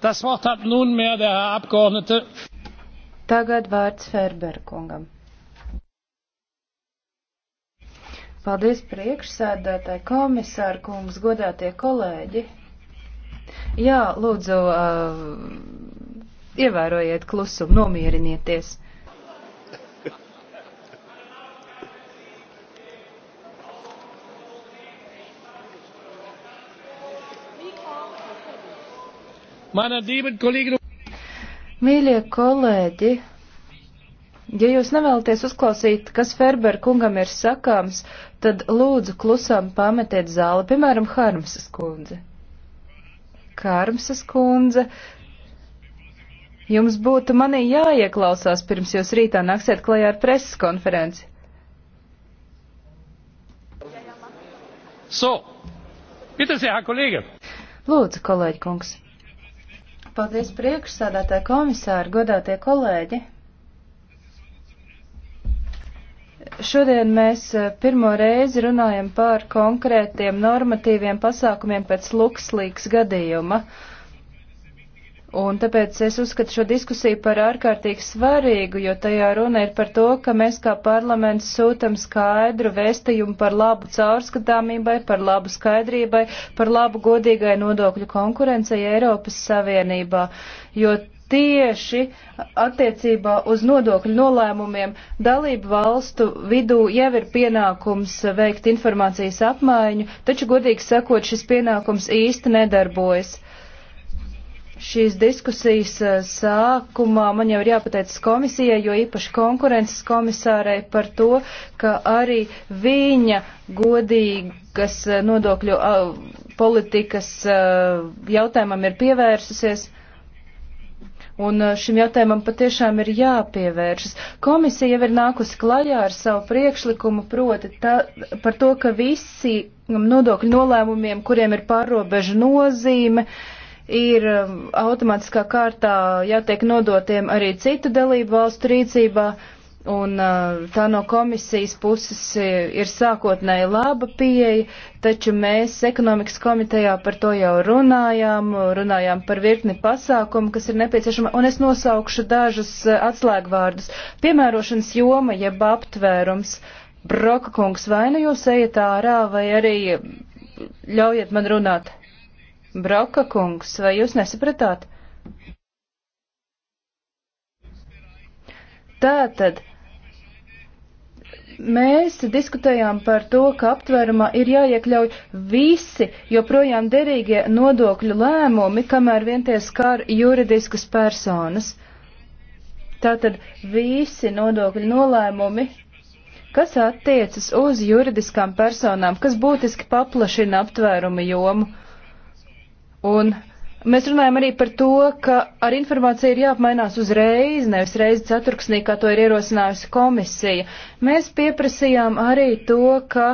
Das Wort hat nunmehr der Herr Abgeordnete. Tagad vārds Ferberkungam. Paldies priekšsēdētāji, komisāra kungs, godātie kolēģi. Jā, lūdzu, uh, ievērojiet klusumu, nomierinieties. Nu- Mīļie kolēģi, ja jūs nevēlaties uzklausīt, kas Ferber kungam ir sakāms, tad lūdzu klusām pametiet zāli, piemēram, Harmsas kundze. Harmsas kundze, jums būtu manī jāieklausās, pirms jūs rītā nāksiet klajā ar preses konferenci. So, bitte sehr, Herr Kollege. Lūdzu, kolēģi kungs. Paldies priekšsādātāji komisāri, godātie kolēģi. Šodien mēs eh, pirmo reizi runājam par konkrētiem normatīviem pasākumiem pēc Luxlīks gadījuma. Uh, Un tāpēc es uzskatu šo diskusiju par ārkārtīgi svarīgu, jo tajā runa ir par to, ka mēs kā parlaments sūtam skaidru vēstījumu par labu caurskatāmībai, par labu skaidrībai, par labu godīgai nodokļu konkurencei Eiropas Savienībā. Jo tieši attiecībā uz nodokļu nolēmumiem dalību valstu vidū jau ir pienākums veikt informācijas apmaiņu, taču godīgi sakot, šis pienākums īsti nedarbojas šīs diskusijas eh, sākumā man jau ir jāpateicas komisijai, jo īpaši konkurences komisārai par to, ka arī viņa godīgas eh, nodokļu eh, politikas jautājumam ir pievērsusies. Un šim jautājumam patiešām ir jāpievēršas. Komisija jau ir nākusi klajā ar savu priekšlikumu proti tā, par to, ka visi nodokļu nolēmumiem, kuriem ir pārrobežu nozīme, uh, ir um, automātiskā kārtā jātiek nodotiem arī citu dalību valstu rīcībā, un uh, tā no komisijas puses ir sākotnēji laba pieeja, taču mēs ekonomikas komitejā par to jau runājām, runājām par virkni pasākumu, kas ir nepieciešama, un es nosaukšu dažus uh, atslēgvārdus. Piemērošanas joma jeb aptvērums. Broka kungs, vai nu jūs ejat ārā, vai arī ļaujiet man runāt. Brauka kungs, vai jūs nesapratāt? Tātad, mēs diskutējām par to, ka aptvērumā ir jāiekļauj visi joprojām derīgie nodokļu lēmumi, kamēr vien tie skar juridiskas personas. Tātad visi nodokļu nolēmumi, kas attiecas uz juridiskām personām, kas būtiski paplašina aptvērumu jomu. Un mēs runājam arī par to, ka ar informāciju ir jāapmainās uzreiz, nevis reizi ceturksnī, kā to ir ierosinājusi komisija. Mēs pieprasījām arī to, ka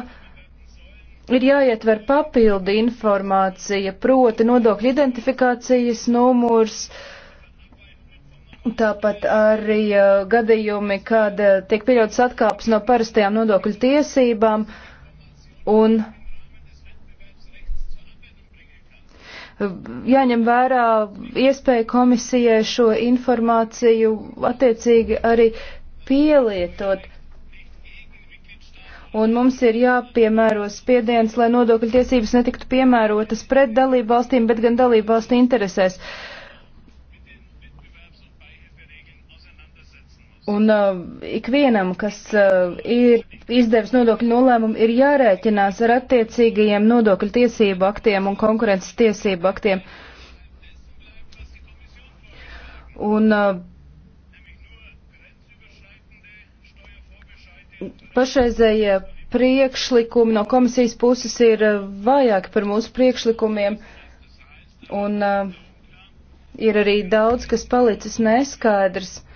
ir jāietver papildi informācija, proti nodokļu identifikācijas numurs, tāpat arī uh, gadījumi, kad uh, tiek pieļautas atkāpes no parastajām nodokļu tiesībām, un jāņem vērā iespēja komisijai šo informāciju attiecīgi arī pielietot. Un mums ir jāpiemēro spiediens, lai nodokļu tiesības netiktu piemērotas pret dalību valstīm, bet gan dalību valstu interesēs. Uh, Un uh, ikvienam, kas uh, ir izdevis nodokļu nolēmumu, ir jārēķinās ar attiecīgajiem nodokļu tiesību aktiem un konkurences tiesību aktiem. Un uh, pašreizējie priekšlikumi no komisijas puses ir uh, vājāki par mūsu priekšlikumiem. Un uh, ir arī daudz, kas palicis neskaidrs. Uh,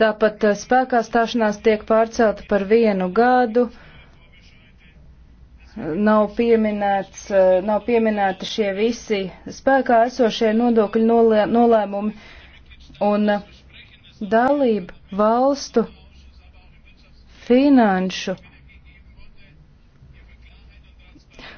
Tāpat eh, spēkā stāšanās tiek pārcelta par vienu gadu. Nav, pieminēts, eh, nav pieminēti šie visi spēkā esošie nodokļu nolē, nolēmumi un eh, dalība valstu finanšu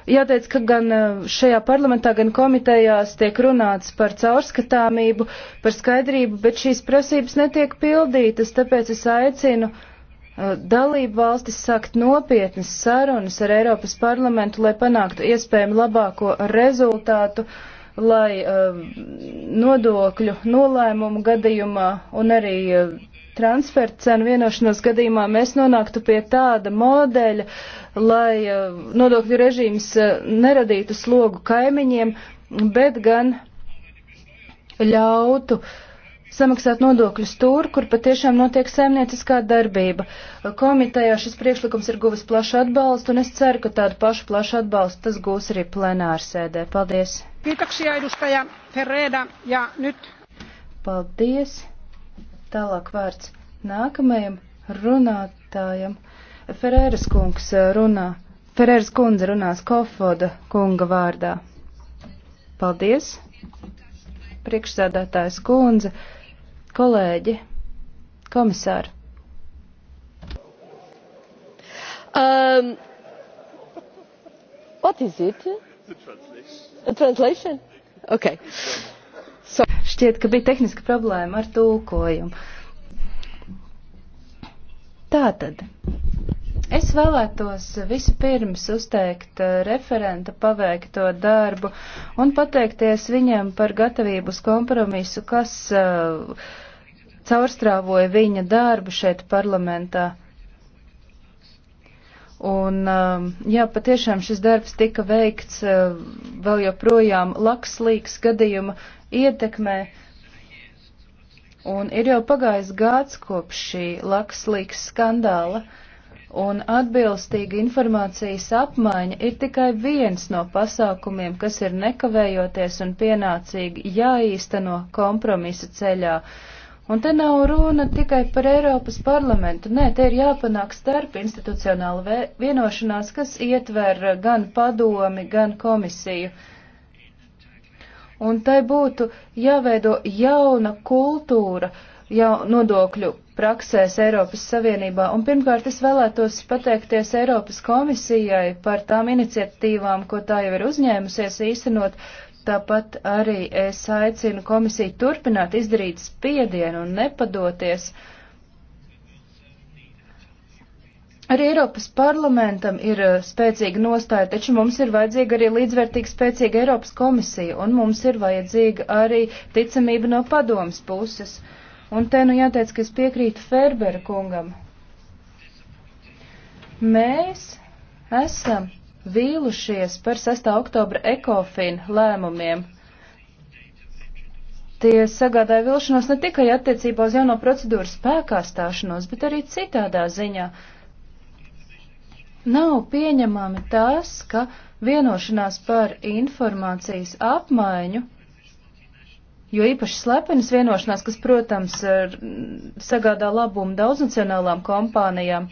Jāteic, ka gan e, šajā parlamentā, gan komitejās tiek runāts par caurskatāmību, par skaidrību, bet šīs prasības netiek pildītas, tāpēc es aicinu e, dalību valstis sākt nopietnas sarunas ar Eiropas parlamentu, lai panāktu iespējami labāko rezultātu, lai e, nodokļu nolēmumu gadījumā un arī transfer cenu vienošanos gadījumā mēs nonāktu pie tāda modeļa, lai eh, nodokļu režīms eh, neradītu slogu kaimiņiem, bet gan ļautu samaksāt nodokļus tur, kur patiešām notiek saimnieciskā darbība. Komitejā šis priekšlikums ir guvis plašu atbalstu, un es ceru, ka tādu pašu plašu atbalstu tas gūs arī plenārsēdē. Paldies! Kiitoksia edustaja Ferreira ja nyt. Paldies! Tālāk vārds nākamajam runātājam. Ferēras kungs runā. Ferēras kundze runās Kofoda kunga vārdā. Paldies. Priekšsēdētājs kundze, kolēģi, komisāri. Um, what is it? The translation. A translation? Okay. So. Šķiet, ka bija tehniska problēma ar tulkojumu. Tātad, es vēlētos vispirms uzteikt eh, referenta paveikto darbu un pateikties viņam par gatavības kompromisu, kas uh, caurstrāvoja viņa darbu šeit parlamentā. Uh, Un, um, jā, patiešām šis darbs tika veikts uh, vēl joprojām lakslīgs gadījuma ietekmē. Un ir jau pagājis gads kopš šī lakslīgs skandāla, un atbilstīga informācijas apmaiņa ir tikai viens no pasākumiem, kas ir nekavējoties un pienācīgi jāīsteno kompromisa ceļā. Uh, Un te nav runa tikai par Eiropas parlamentu, nē, te ir jāpanāk starp institucionāla vienošanās, kas ietver gan padomi, gan komisiju. Un tai būtu jāveido jauna kultūra jau nodokļu praksēs Eiropas Savienībā. Un pirmkārt es vēlētos pateikties Eiropas komisijai par tām iniciatīvām, ko tā jau ir uzņēmusies īstenot Tāpat arī es aicinu komisiju turpināt izdarīt spiedienu un nepadoties. Arī Eiropas parlamentam ir eh, spēcīga nostāja, taču mums ir vajadzīga arī līdzvērtīga spēcīga Eiropas komisija, un mums ir vajadzīga arī ticamība no padomas puses. Un te nu jāteic, ka es piekrītu Ferbera kungam. Mēs esam vīlušies par 6. oktobra ekofin lēmumiem. Tie sagādāja vilšanos ne tikai attiecībā uz jauno procedūru spēkā stāšanos, bet arī citādā ziņā. Nav pieņemami tas, ka vienošanās par informācijas apmaiņu, jo īpaši slepenas vienošanās, kas, protams, sagādā labumu daudznacionālām kompānijām,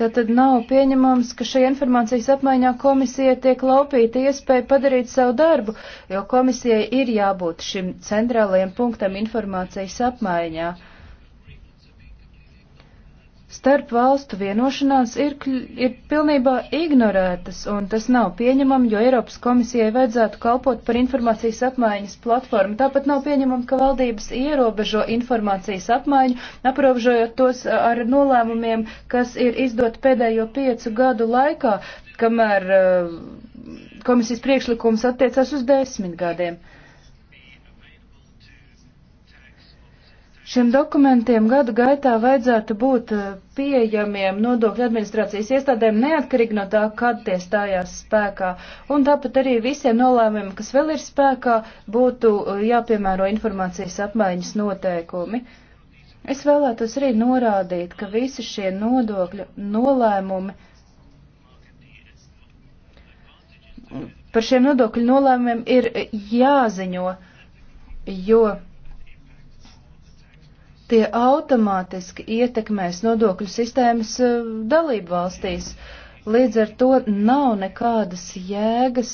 Tātad nav pieņemams, ka šajā informācijas apmaiņā komisija tiek laupīta iespēja padarīt savu darbu, jo komisijai ir jābūt šim centrālajiem punktam informācijas apmaiņā. Uh, starp valstu vienošanās ir, ir pilnībā ignorētas, un tas nav pieņemami, jo Eiropas komisijai vajadzētu kalpot par informācijas apmaiņas platformu. Tāpat nav pieņemami, ka valdības ierobežo informācijas apmaiņu, aprobežojot tos ar nolēmumiem, kas ir izdot pēdējo piecu gadu laikā, kamēr uh, komisijas priekšlikums attiecās uz desmit gadiem. Uh, Šiem dokumentiem gadu gaitā vajadzētu būt eh, pieejamiem nodokļu administrācijas iestādēm neatkarīgi no tā, kad tie stājās spēkā. Un tāpat arī visiem nolēmumiem, kas vēl ir spēkā, būtu eh, jāpiemēro informācijas apmaiņas noteikumi. Es vēlētos arī norādīt, ka visi šie nodokļu nolēmumi par šiem nodokļu nolēmumiem ir jāziņo, jo Tie automātiski ietekmēs nodokļu sistēmas eh, dalību valstīs. Līdz ar to nav nekādas jēgas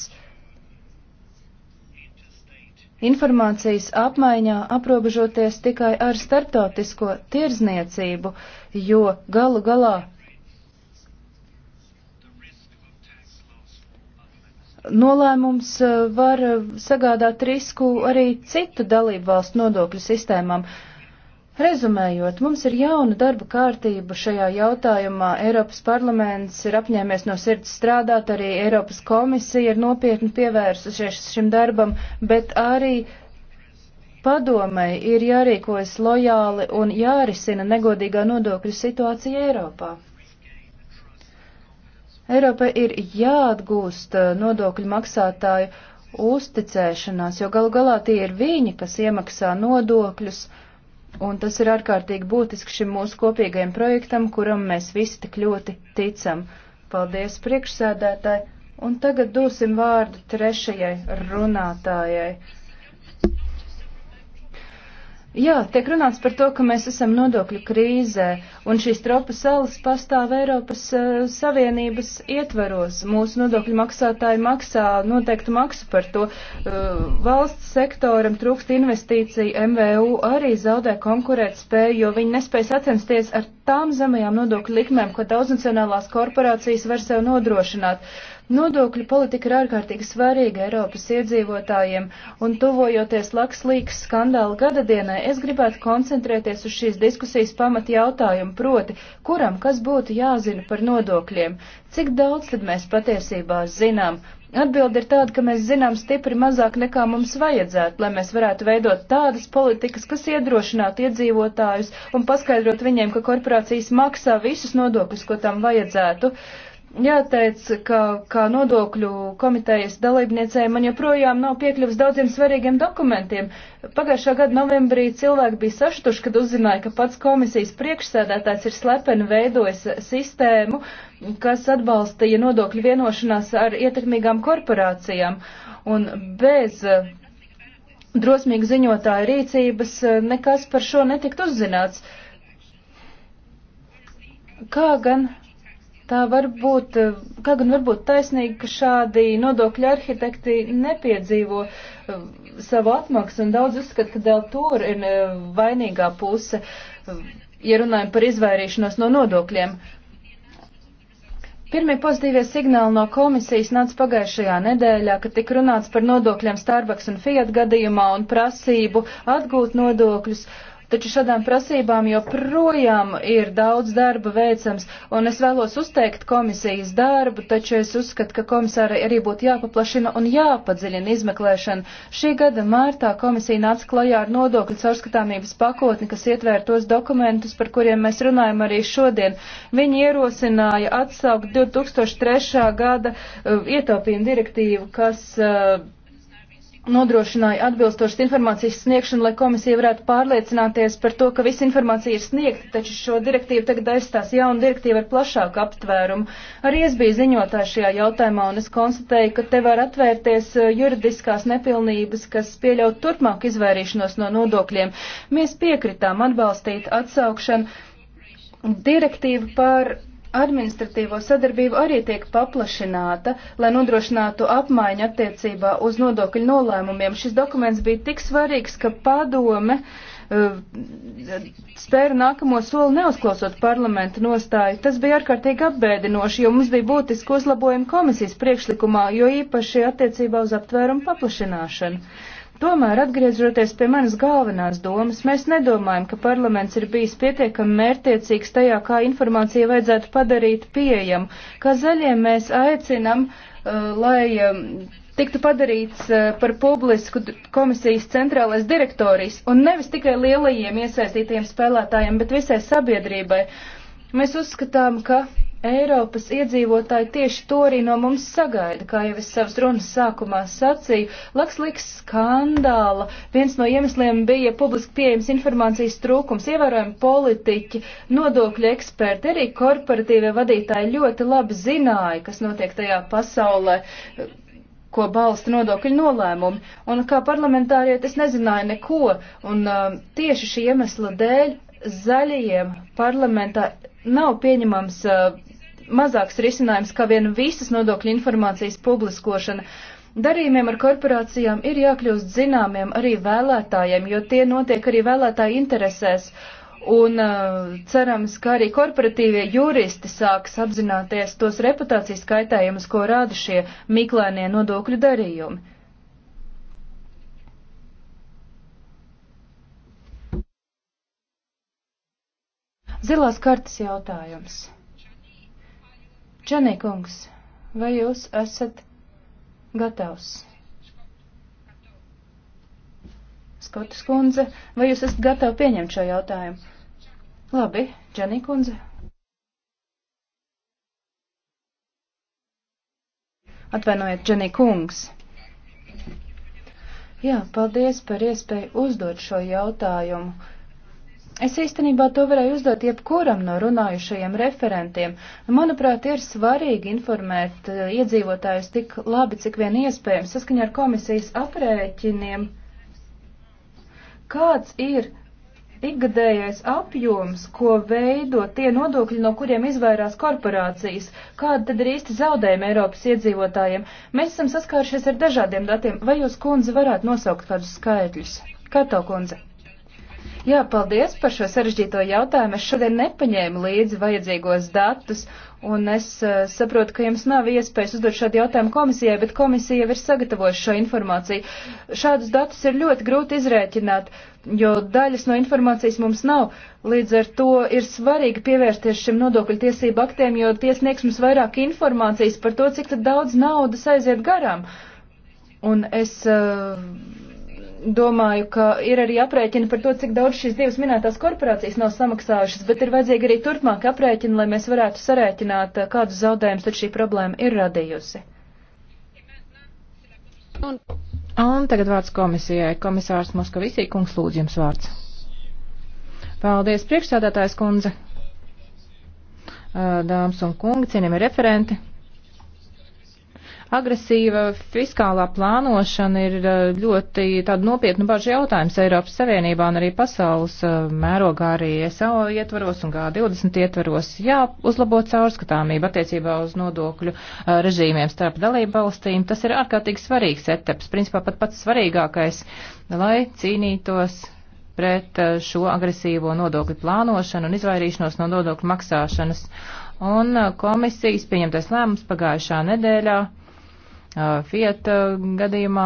informācijas apmaiņā aprobežoties tikai ar starptautisko tirzniecību, jo galu galā Nolēmums eh, var eh, sagādāt risku arī citu dalību valstu nodokļu sistēmām. Uh, Rezumējot, mums ir jauna darba kārtība šajā jautājumā. Eiropas parlaments ir apņēmies no sirds strādāt, arī Eiropas komisija ir nopietni pievērsusies šim darbam, bet arī padomei ir jārīkojas lojāli un jārisina negodīgā nodokļu situācija Eiropā. Eiropa ir jāatgūst uh, nodokļu maksātāju uzticēšanās, jo galu galā tie ir viņi, kas iemaksā nodokļus. Uh, un tas ir ārkārtīgi būtiski šim mūsu kopīgajam projektam, kuram mēs visi tik ļoti ticam. Paldies priekšsēdētāji, un tagad dosim vārdu trešajai runātājai. Jā, tiek runāts par to, ka mēs esam nodokļu krīzē, un šīs tropu salas pastāv Eiropas uh, Savienības ietvaros. Mūsu nodokļu maksātāji maksā noteiktu maksu par to. Uh, valsts sektoram trūkst investīciju, MVU arī zaudē konkurēt spēju, jo viņi nespēja sacensties ar tām zemajām nodokļu likmēm, ko daudznacionālās korporācijas var sev nodrošināt. Uh, Nodokļu politika ir ārkārtīgi svarīga Eiropas iedzīvotājiem, un tuvojoties Lakslīgas skandāla gadadienai, es gribētu koncentrēties uz šīs diskusijas pamat jautājumu proti, kuram kas būtu jāzina par nodokļiem, cik daudz tad mēs patiesībā zinām. Atbilde ir tāda, ka mēs zinām stipri mazāk nekā mums vajadzētu, lai mēs varētu veidot tādas politikas, kas iedrošinātu iedzīvotājus un paskaidrot viņiem, ka korporācijas maksā visus nodokļus, ko tam vajadzētu. Uh, Jāteic, ka kā nodokļu komitejas dalībniecei man joprojām nav piekļuvis daudziem svarīgiem dokumentiem. Pagājušā gada novembrī cilvēki bija saštuši, kad uzzināja, ka pats komisijas priekšsēdētājs ir slepeni veidojis sistēmu, kas atbalstīja nodokļu vienošanās ar ietekmīgām korporācijām. Un bez uh, drosmīgu ziņotāju rīcības uh, nekas par šo netikt uzzināts. Kā gan Tā varbūt, kā gan varbūt taisnīgi, ka šādi nodokļu arhitekti nepiedzīvo uh, savu atmaksu un daudz uzskat, ka dēl tur ir uh, vainīgā puse, uh, ja runājam par izvairīšanos no nodokļiem. Pirmie pozitīvie signāli no komisijas nāca pagājušajā nedēļā, kad tika runāts par nodokļiem Starbucks un Fiat gadījumā un prasību atgūt nodokļus. Uh, taču šādām prasībām joprojām ir daudz darba veicams, un es vēlos uzteikt komisijas darbu, taču es uzskatu, ka komisārai arī būtu jāpaplašina un jāpadziļina izmeklēšana. Šī gada mārtā komisija nāca klajā ar nodokļu caurskatāmības pakotni, kas ietvēr tos dokumentus, par kuriem mēs runājam arī šodien. Viņi ierosināja atsaukt 2003. gada uh, ietaupījumu direktīvu, kas uh, nodrošināja atbilstošas informācijas sniegšanu, lai komisija varētu pārliecināties par to, ka visa informācija ir sniegta, taču šo direktīvu tagad aizstās jauna direktīva ar plašāku aptvērumu. Arī es biju ziņotāja šajā jautājumā, un es konstatēju, ka te var atvērties eh, juridiskās nepilnības, kas pieļaut turpmāk izvairīšanos no nodokļiem. Mēs piekritām atbalstīt atsaukšanu direktīvu par Administratīvo sadarbību arī tiek paplašināta, lai nodrošinātu apmaiņu attiecībā uz nodokļu nolēmumiem. Šis dokuments bija tik svarīgs, ka padome eh, spēra nākamo soli neuzklausot parlamenta nostāju. Tas bija ārkārtīgi apbēdinoši, jo mums bija būtiski uzlabojumi komisijas priekšlikumā, jo īpaši attiecībā uz aptvērumu paplašināšanu. Tomēr, atgriežoties pie manas galvenās domas, mēs nedomājam, ka parlaments ir bijis pietiekami mērtiecīgs tajā, kā informācija vajadzētu padarīt pieejamu. Kā zaļiem mēs aicinam, uh, lai um, tiktu padarīts uh, par publisku komisijas centrālais direktorijas un nevis tikai lielajiem iesaistītajiem spēlētājiem, bet visai sabiedrībai. Mēs uzskatām, ka Eiropas iedzīvotāji tieši to arī no mums sagaida, kā jau es savas runas sākumā sacīju. Lakslīgs skandāla. Viens no iemesliem bija publiski pieejams informācijas trūkums. Ievērojami politiķi, nodokļu eksperti, arī korporatīvie vadītāji ļoti labi zināja, kas notiek tajā pasaulē ko balsta nodokļu nolēmumi, un kā parlamentārietis es nezināju neko, un um, tieši šī iemesla dēļ zaļajiem parlamentā nav pieņemams uh, mazāks risinājums kā vien visas nodokļu informācijas publiskošana. Darījumiem ar korporācijām ir jākļūst zināmiem arī vēlētājiem, jo tie notiek arī vēlētāju interesēs. Un uh, cerams, ka arī korporatīvie juristi sāks apzināties tos reputācijas kaitējumus, ko rāda šie miklēnie nodokļu darījumi. Zilās kartas jautājums. Čanī kungs, vai jūs esat gatavs? Skotas kundze, vai jūs esat gatavi pieņemt šo jautājumu? Labi, Čanī kundze. Atvainojiet, Džanī kungs. Jā, paldies par iespēju uzdot šo jautājumu. Es īstenībā to varēju uzdot jebkuram no runājušajiem referentiem. Manuprāt, ir svarīgi informēt eh, iedzīvotājus tik labi, cik vien iespējams, saskaņā ar komisijas aprēķiniem, kāds ir ikgadējais apjoms, ko veido tie nodokļi, no kuriem izvairās korporācijas, kāda tad ir īsti zaudējuma Eiropas iedzīvotājiem. Mēs esam saskārušies ar dažādiem datiem. Vai jūs, kundze, varētu nosaukt kādus skaitļus? Kato, kundze. Jā, paldies par šo sarežģīto jautājumu. Es šodien nepaņēmu līdzi vajadzīgos datus, un es uh, saprotu, ka jums nav iespējas uzdot šādu jautājumu komisijai, bet komisija jau ir sagatavojusi šo informāciju. Šādus datus ir ļoti grūti izrēķināt, jo daļas no informācijas mums nav. Līdz ar to ir svarīgi pievērsties šim nodokļu tiesību aktiem, jo tiesnieks mums vairāk informācijas par to, cik daudz naudas aiziet garām. Un es uh, domāju, ka ir arī aprēķini par to, cik daudz šīs divas minētās korporācijas nav samaksājušas, bet ir vajadzīgi arī turpmāk aprēķini, lai mēs varētu sarēķināt, eh, kādus zaudējumus tad šī problēma ir radījusi. Un, un tagad vārds komisijai. Komisārs Moskavisī, kungs, lūdzu jums vārds. Paldies, priekšsādātājs kundze. Dāmas un kungi, cienījami referenti. Agresīva fiskālā plānošana ir eh, ļoti tāda nopietna bažu jautājums Eiropas Savienībā un arī pasaules eh, mērogā arī SAO ietvaros un G20 ietvaros. Jā, uzlabot caurskatāmību attiecībā uz nodokļu eh, režīmiem starp dalību valstīm. Tas ir ārkārtīgi svarīgs etaps, principā pat pats svarīgākais, lai cīnītos pret šo agresīvo nodokļu plānošanu un izvairīšanos no nodokļu maksāšanas. Un komisijas pieņemtais lēmums pagājušā nedēļā Uh, Fiat uh, gadījumā,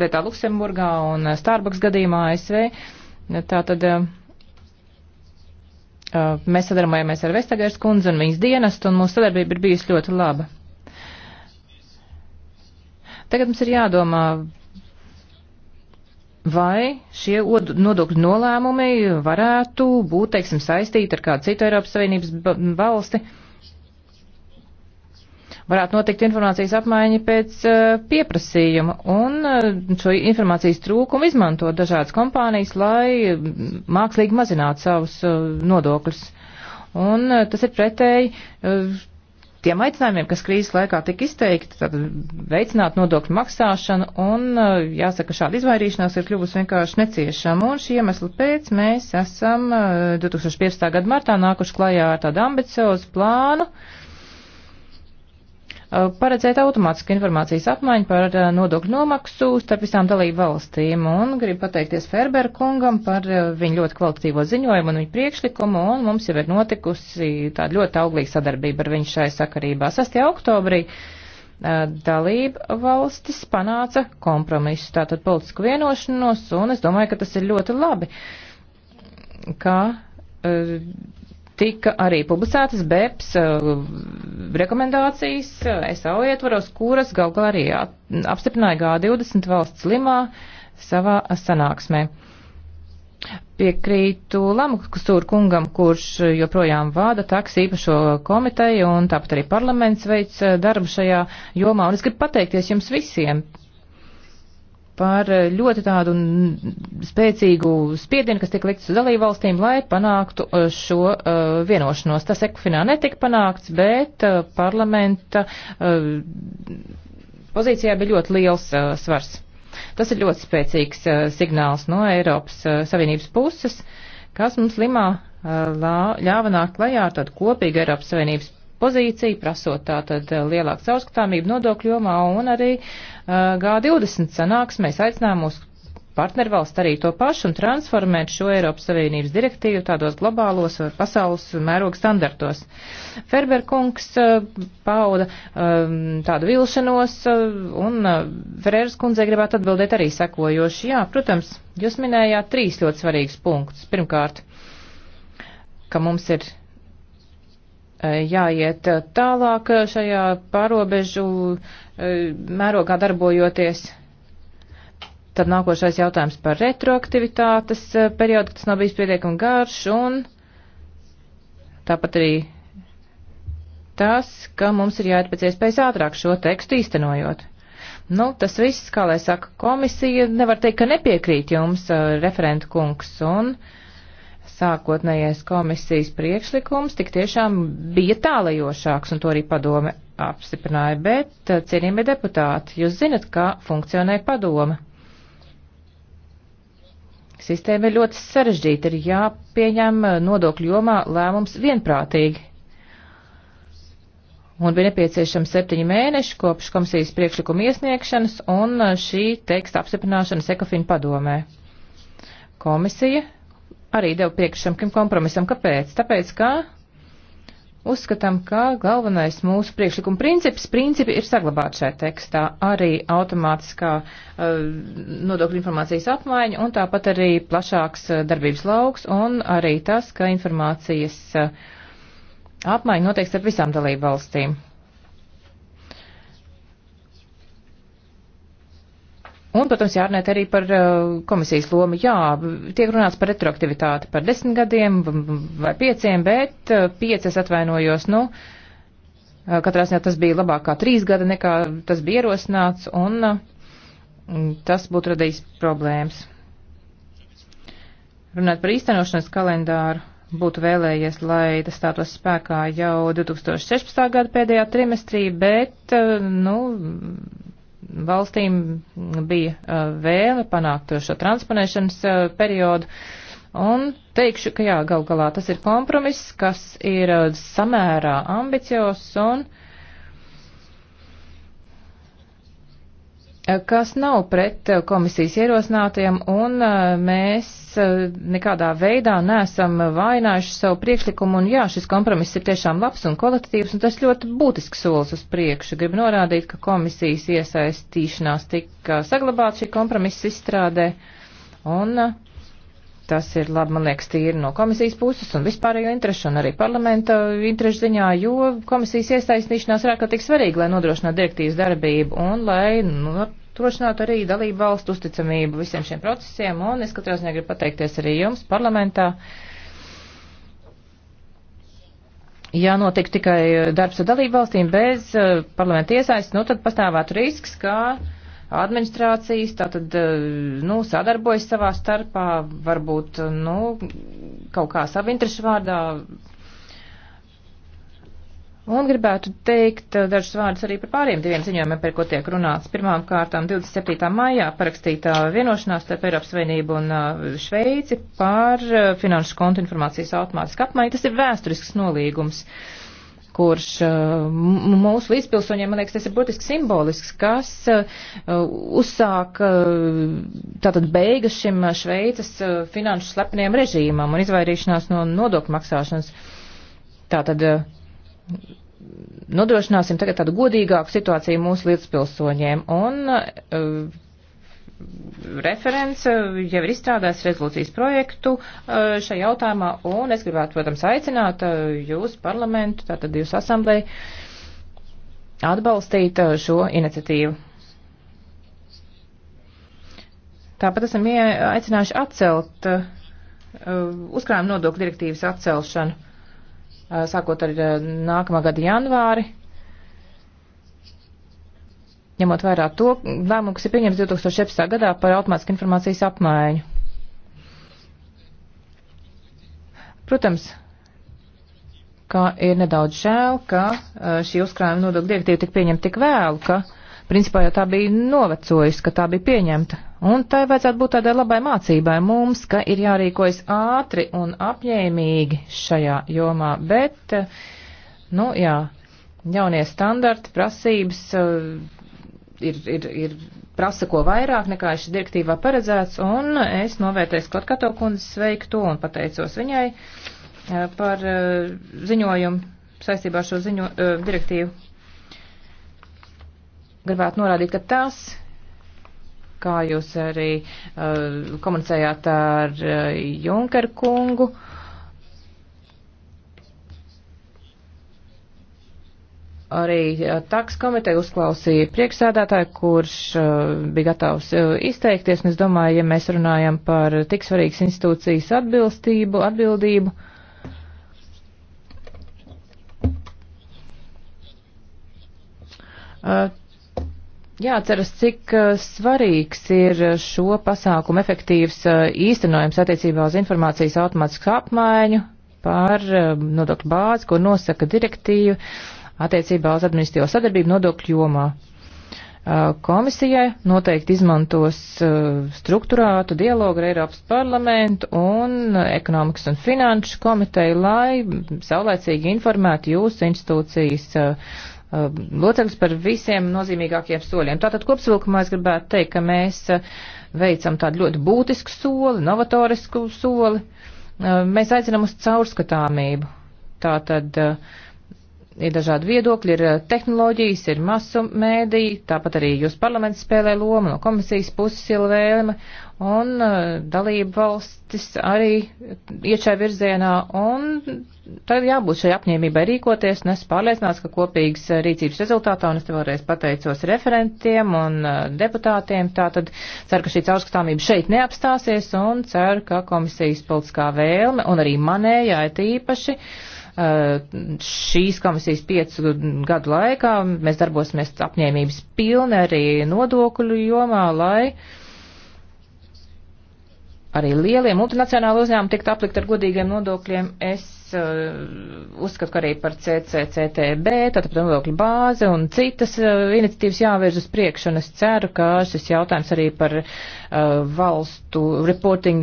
lietā Luksemburgā un uh, Starbucks gadījumā ASV. Tātad mēs sadarbojamies ar Vestagers kundzi un viņas dienestu, un mūsu sadarbība ir bijusi ļoti laba. Tagad mums ir jādomā, vai šie nodokļu nolēmumi varētu būt, teiksim, saistīti ar kādu citu Eiropas Savienības valsti. Uh, varētu notikt informācijas apmaiņa pēc eh, pieprasījuma, un eh, šo informācijas trūkumu izmanto dažādas kompānijas, lai mm, mākslīgi mazinātu savus eh, nodokļus. Un tas ir pretēji tiem aicinājumiem, kas krīzes laikā tika izteikti, tad veicināt nodokļu maksāšanu, un jāsaka, šāda izvairīšanās ir kļuvusi vienkārši neciešama, un šī iemesla pēc mēs esam 2015. gada martā nākuši klajā ar tādu ambiciozu plānu, uh, Uh, paredzēt automātisku informācijas apmaiņu par uh, nodokļu nomaksu starp visām dalību valstīm. Un gribu pateikties Ferberu kungam par uh, viņu ļoti kvalitatīvo ziņojumu un viņa priekšlikumu, un mums jau ir notikusi tāda ļoti auglīga sadarbība ar viņu šai sakarībā. 6. oktobrī dalība valstis panāca kompromisu, tātad politisku vienošanos, un es domāju, ka tas ir ļoti labi, ka tika arī publicētas BEPS uh, rekomendācijas uh, SAO ietvaros, kuras gal galā arī apstiprināja G20 valsts limā savā sanāksmē. Piekrītu Lamakstūru kungam, kurš joprojām vāda taks īpašo komiteju un tāpat arī parlaments veic uh, darbu šajā jomā. Un es gribu pateikties jums visiem par eh, ļoti tādu spēcīgu spiedienu, kas tika likts uz dalībvalstīm, lai panāktu eh, šo eh, vienošanos. Tas ekofinā netika panākts, bet parlamenta pozīcijā bija ļoti liels svars. Tas ir ļoti spēcīgs signāls no Eiropas Savienības puses, kas mums limā ļāva nākt klajā ar tādu kopīgu Eiropas Savienības pozīciju, prasot tātad eh, lielāku caurskatāmību nodokļu jomā un arī eh, G20 sanāksmēs aicinām mūsu partnervalsts arī to pašu un transformēt šo Eiropas Savienības direktīvu tādos globālos vai eh, pasaules mēroga standartos. Ferber kungs pauda ehm, tādu vilšanos un Ferēras kundzei gribētu atbildēt arī sekojoši. Jā, protams, jūs minējāt trīs ļoti svarīgus punktus. Pirmkārt, ka mums ir jāiet tālāk šajā pārobežu e, mērogā darbojoties. Tad nākošais jautājums par retroaktivitātes e, periodu, kas nav bijis pietiekami garš, un tāpat arī tas, ka mums ir jāiet pēc iespējas ātrāk šo tekstu īstenojot. Nu, tas viss, kā lai saka, komisija nevar teikt, ka nepiekrīt jums, e, referentu kungs, un uh, sākotnējais komisijas priekšlikums tik tiešām bija tālajošāks, un to arī padome apstiprināja, bet, eh, cienījamie deputāti, jūs zinat, kā funkcionē padome. Sistēma ir ļoti sarežģīta, ir jāpieņem eh, nodokļu jomā lēmums vienprātīgi. Un bija nepieciešams septiņi mēneši kopš komisijas priekšlikuma iesniegšanas un eh, šī teksta apstiprināšanas ekofina padomē. Komisija arī devu priekšsakam kompromisam. Kāpēc? Tāpēc, ka uzskatām, ka galvenais mūsu priekšlikuma princips, principi ir saglabāti šajā tekstā, arī automātiskā uh, nodokļu informācijas apmaiņa un tāpat arī plašāks uh, darbības lauks un arī tas, ka informācijas uh, apmaiņa notiek starp visām dalību valstīm. Un, protams, jārunāt arī par uh, komisijas lomu. Jā, tiek runāts par retroaktivitāti par desmit gadiem vai pieciem, bet uh, pieci es atvainojos, nu, uh, katrā ziņā tas bija labāk kā trīs gada nekā tas bija ierosināts, un tas būtu radījis problēmas. Runāt par īstenošanas kalendāru būtu vēlējies, lai tas stātos spēkā jau 2016. gada pēdējā trimestrī, bet, nu, valstīm bija uh, vēle panākt šo transponēšanas uh, periodu. Un teikšu, ka jā, gal galā tas ir kompromiss, kas ir uh, samērā ambiciozs un uh, kas nav pret eh, komisijas ierosinātiem, un eh, mēs eh, nekādā veidā neesam vainājuši savu priekšlikumu, un jā, šis kompromiss ir tiešām labs un kvalitatīvs, un tas ļoti būtisks solis uz priekšu. Gribu norādīt, ka komisijas iesaistīšanās tika saglabāta šī kompromisa izstrādē, un uh, Tas ir labi, man liekas, tīri no komisijas puses un vispārējo interešu un arī parlamenta interešu ziņā, jo komisijas iesaistīšanās ir ārkārtīgi svarīga, lai nodrošinātu direktīvas darbību un lai nodrošinātu arī dalību valstu uzticamību visiem šiem procesiem. Un es katrā ziņā gribu pateikties arī jums parlamentā. Ja notiek tikai darbs ar dalību valstīm bez eh, parlamenta iesaistas, nu tad pastāvētu risks, ka. Kā administrācijas, tātad, eh, nu, sadarbojas savā starpā, varbūt, eh, nu, kaut kā savu interešu vārdā. Un gribētu teikt eh, dažus vārdus arī par pāriem diviem ziņojumiem, par ko tiek runāts. Pirmām kārtām 27. maijā parakstītā vienošanās starp Eiropas Savienību un Šveici par finanšu kontu informācijas automātisku apmaiņu. Tas ir vēsturisks nolīgums. Uh, kurš uh, mūsu līdzpilsoņiem, man liekas, tas ir būtiski simbolisks, kas uh, uzsāk uh, tātad beigas šim Šveicas finanšu slepeniem režīmam un izvairīšanās no nodokļu maksāšanas. Tātad nodrošināsim tagad tādu godīgāku situāciju mūsu līdzpilsoņiem. Un, referents eh, jau ir izstrādājis rezolūcijas projektu eh, šajā jautājumā, un es gribētu, protams, aicināt eh, jūs parlamentu, tātad jūs asamblēju, atbalstīt šo iniciatīvu. Tāpat esam aicinājuši atcelt uzkrājuma nodokļu direktīvas atcelšanu, sākot ar nākamā gada janvāri ņemot vērā to lēmumu, kas ir pieņemts 2017. gadā par automātisku informācijas apmaiņu. Protams, ka ir nedaudz žēl, ka uh, šī uzkrājuma nodokļa direktīva tika pieņemta tik vēlu, ka principā jau tā bija novecojusi, ka tā bija pieņemta. Un tai vajadzētu būt tādai labai mācībai mums, ka ir jārīkojas ātri un apņēmīgi šajā jomā, bet, uh, nu jā, jaunie standarti, prasības uh, ir, ir, ir prasa ko vairāk nekā šis direktīvā paredzēts, un es novērtēju Skot Kato kundzes veikto un pateicos viņai eh, par eh, ziņojumu saistībā ar šo ziņo, eh, direktīvu. Gribētu norādīt, ka tas, kā jūs arī komunicējāt ar Junker kungu, uh, Arī taks komiteja uzklausīja priekšsēdētāju, kurš bija gatavs izteikties, un es domāju, ja mēs runājam par tik svarīgas institūcijas atbilstību, atbildību, Jāceras, cik svarīgs ir šo pasākumu efektīvs īstenojums attiecībā uz informācijas automātisku apmaiņu par nodokļu bāzi, ko nosaka direktīva attiecībā uz administīvo sadarbību nodokļu jomā. Uh, komisijai noteikti izmantos uh, struktūrātu dialogu ar Eiropas parlamentu un uh, ekonomikas un finanšu komiteju, lai saulēcīgi informētu jūsu institūcijas locekļus par visiem nozīmīgākiem soļiem. Tātad kopsvilkumā es gribētu teikt, ka mēs veicam tādu ļoti būtisku soli, novatorisku soli. Mēs aicinam uz caurskatāmību. Tātad uh, ir dažādi viedokļi, ir eh, tehnoloģijas, ir masu mēdī, tāpat arī jūs parlaments spēlē lomu, no komisijas puses ir vēlme, un eh, dalība valstis arī iet šai virzienā, un tad jābūt šai apņēmībai rīkoties, un es pārliecināts, ka kopīgas eh, rīcības rezultātā, un es te vēlreiz pateicos referentiem un deputātiem, tā tad ceru, ka šī caurskatāmība šeit neapstāsies, un ceru, ka komisijas politiskā vēlme, un arī manējā ir tīpaši, uh, Eh, šīs komisijas piecu gadu laikā. Mēs darbosimies apņēmības pilni arī nodokļu jomā, lai arī lielie multinacionāli uzņēmumi tikt aplikt ar godīgiem nodokļiem. Es uh, uzskatu, ka arī par CCCTB, tātad par nodokļu bāzi un citas uh, iniciatīvas jāvērz uz priekšu, un es ceru, ka šis jautājums arī par uh, valstu reporting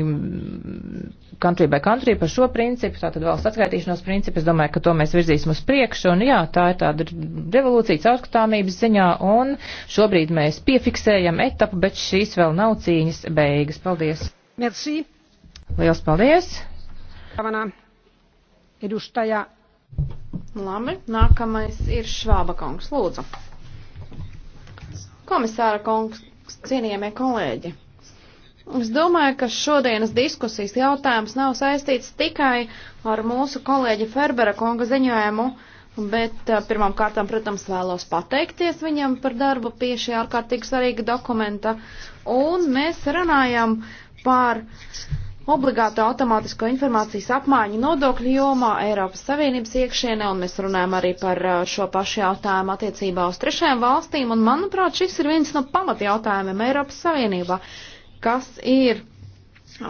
country by country par šo principu, tātad valsts atskaitīšanos principu, es domāju, ka to mēs virzīsim uz priekšu, un jā, tā ir tāda revolūcija caurskatāmības ziņā, un šobrīd mēs piefiksējam etapu, bet šīs vēl nav cīņas beigas. Paldies! Merci. Liels paldies. Pavanā. Edustajā. Labi, nākamais ir Švāba kungs, lūdzu. Komisāra kungs, cienījamie kolēģi. Es domāju, ka šodienas diskusijas jautājums nav saistīts tikai ar mūsu kolēģi Ferbera kunga ziņojumu, bet eh, pirmām kārtām, protams, vēlos pateikties viņam par darbu pie šī ārkārtīgi svarīga dokumenta. Un mēs runājam par obligātu automātisko informācijas apmaiņu nodokļu jomā Eiropas Savienības iekšienē, un mēs runājam arī par uh, šo pašu jautājumu attiecībā uz trešajām valstīm, un manuprāt, šis ir viens no pamatjautājumiem Eiropas Savienībā, kas ir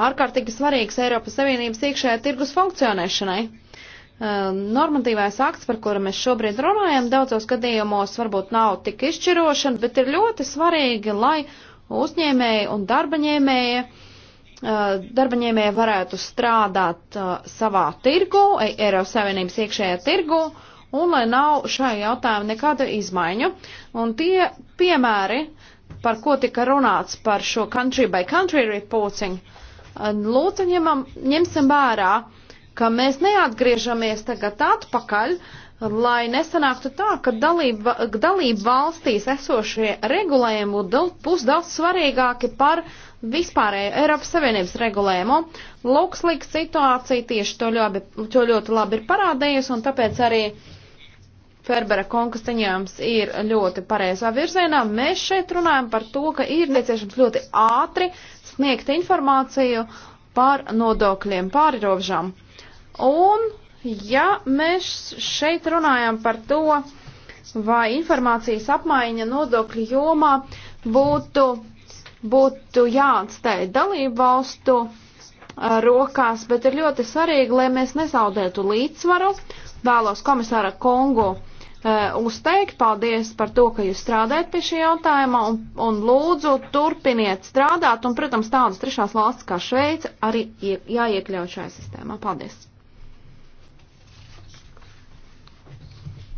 ārkārtīgi svarīgs Eiropas Savienības iekšējā tirgus funkcionēšanai. Uh, normatīvais akts, par kuru mēs šobrīd runājam, daudzos gadījumos varbūt nav tik izšķirošana, bet ir ļoti svarīgi, lai uzņēmēji un darbaņēmēji Uh, darba ņēmēji varētu strādāt uh, savā tirgu, e, Eiropas Savienības iekšējā tirgu, un lai nav šai jautājumu nekādu izmaiņu. Un tie piemēri, par ko tika runāts par šo country by country reporting, uh, lūdzu ņemam, ņemsim vērā, ka mēs neatgriežamies tagad atpakaļ uh, lai nesanāktu tā, ka dalība, dalība valstīs esošie regulējumi būtu būs daudz svarīgāki par vispārēju Eiropas Savienības regulējumu. Lūkslīga situācija tieši to ļoti, to ļoti labi ir parādījusi, un tāpēc arī Ferbera konkas ceņojums ir ļoti pareizā virzienā. Mēs šeit runājam par to, ka ir nepieciešams ļoti ātri sniegt informāciju par nodokļiem pāri robežām. Un Ja mēs šeit runājam par to, vai informācijas apmaiņa nodokļu jomā būtu, būtu jāatstāj dalību valstu eh, rokās, bet ir ļoti svarīgi, lai mēs nezaudētu līdzsvaru. Vēlos komisāra Kongu eh, uzteikt. Paldies par to, ka jūs strādājat pie šī jautājuma un, un lūdzu turpiniet strādāt. Un, protams, tādas trešās valsts kā Šveica arī jāiekļaut šajā sistēmā. Paldies!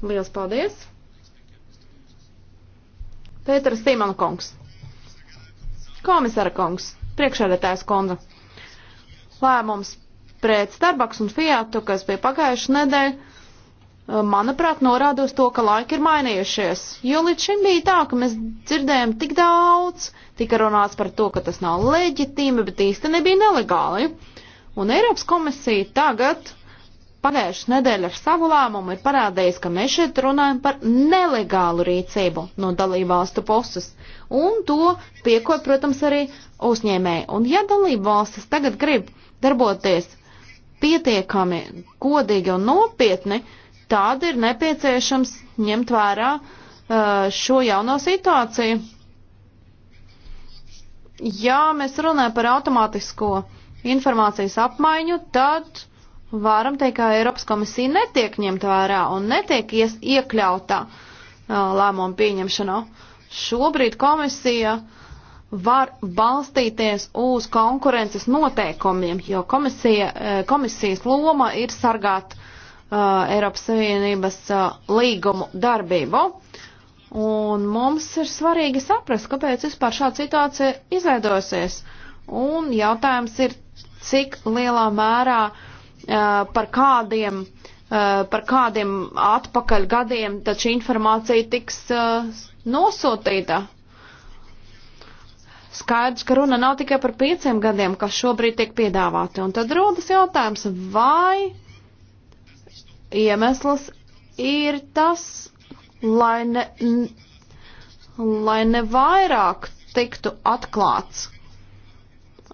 Liels paldies! Pēters Simon kungs. Komisāra kungs, priekšēdētājs konda. Lēmums pret Starbucks un Fiatu, kas bija pagājuši nedēļ, eh, manuprāt, norāda uz to, ka laiki ir mainījušies. Jo līdz šim bija tā, ka mēs dzirdējām tik daudz, tika runāts par to, ka tas nav leģitīmi, bet īsti nebija nelegāli. Un Eiropas komisija tagad pagājušas nedēļa ar savu lēmumu ir parādījis, ka mēs šeit runājam par nelegālu rīcību no dalībvalstu puses. Un to piekoja, protams, arī uzņēmēji. Un ja dalībvalstis tagad grib darboties pietiekami godīgi un nopietni, tad ir nepieciešams ņemt vērā uh, šo jauno situāciju. Ja mēs runājam par automātisko informācijas apmaiņu, tad varam teikt, ka Eiropas komisija netiek ņemta vērā un netiek ies, iekļautā lēmumu pieņemšanā. Šobrīd komisija var balstīties uz konkurences noteikumiem, jo komisija, komisijas loma ir sargāt uh, Eiropas Savienības uh, līgumu darbību. Un mums ir svarīgi saprast, kāpēc vispār šāda situācija izveidosies. Un jautājums ir, cik lielā mērā uh, Eh, par kādiem, eh, par kādiem atpakaļ gadiem tad šī informācija tiks eh, nosūtīta. Skaidrs, ka runa nav tikai par pieciem gadiem, kas šobrīd tiek piedāvāti. Un tad rodas jautājums, vai iemesls ir tas, lai ne, lai ne vairāk tiktu atklāts,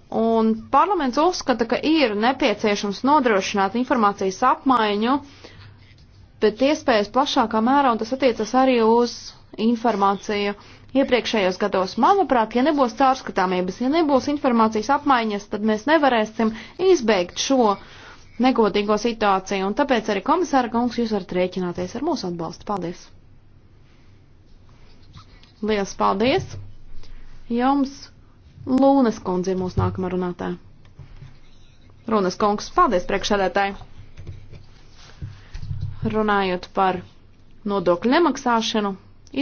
Un parlaments uzskata, ka ir nepieciešams nodrošināt informācijas apmaiņu, bet iespējas plašākā mērā, un tas attiecas arī uz informāciju iepriekšējos gados. Manuprāt, ja nebūs caurskatāmības, ja nebūs informācijas apmaiņas, tad mēs nevarēsim izbeigt šo negodīgo situāciju, un tāpēc arī komisāra kungs jūs varat rēķināties ar mūsu atbalstu. Paldies! Lielas paldies! Jums! Lūnes kundze ir mūsu nākamā runātāja. Runas kungs, paldies priekšsēdētāji. Runājot par nodokļu nemaksāšanu,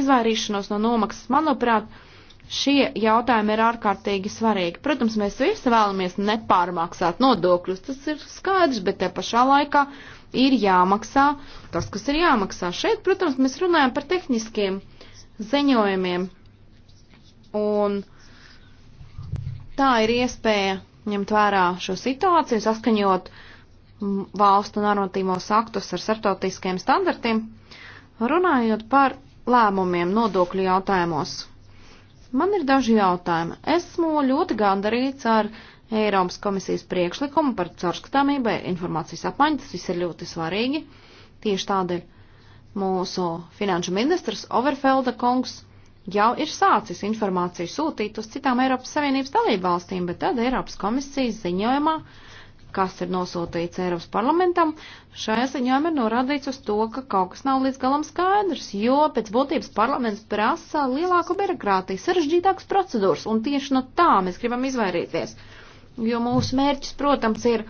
izvairīšanos no nomaksas, manuprāt, šie jautājumi ir ārkārtīgi svarīgi. Protams, mēs visi vēlamies nepārmaksāt nodokļus, tas ir skaidrs, bet te pašā laikā ir jāmaksā tas, kas ir jāmaksā. Šeit, protams, mēs runājam par tehniskiem ziņojumiem. Un Tā ir iespēja ņemt vērā šo situāciju, saskaņot valstu normatīvos aktus ar starptautiskiem standartiem, runājot par lēmumiem nodokļu jautājumos. Man ir daži jautājumi. Esmu ļoti gandarīts ar Eiropas komisijas priekšlikumu par caurskatāmību, informācijas apmaiņu, tas viss ir ļoti svarīgi. Tieši tādēļ mūsu finanšu ministrs Overfelda kungs jau ir sācis informāciju sūtīt uz citām Eiropas Savienības dalībvalstīm, bet tad Eiropas komisijas ziņojumā, kas ir nosūtīts Eiropas parlamentam, šajā ziņojumā ir norādīts uz to, ka kaut kas nav līdz galam skaidrs, jo pēc būtības parlaments prasa lielāku birokrātiju, sarežģītākas procedūras, un tieši no tā mēs gribam izvairīties. Jo mūsu mērķis, protams, ir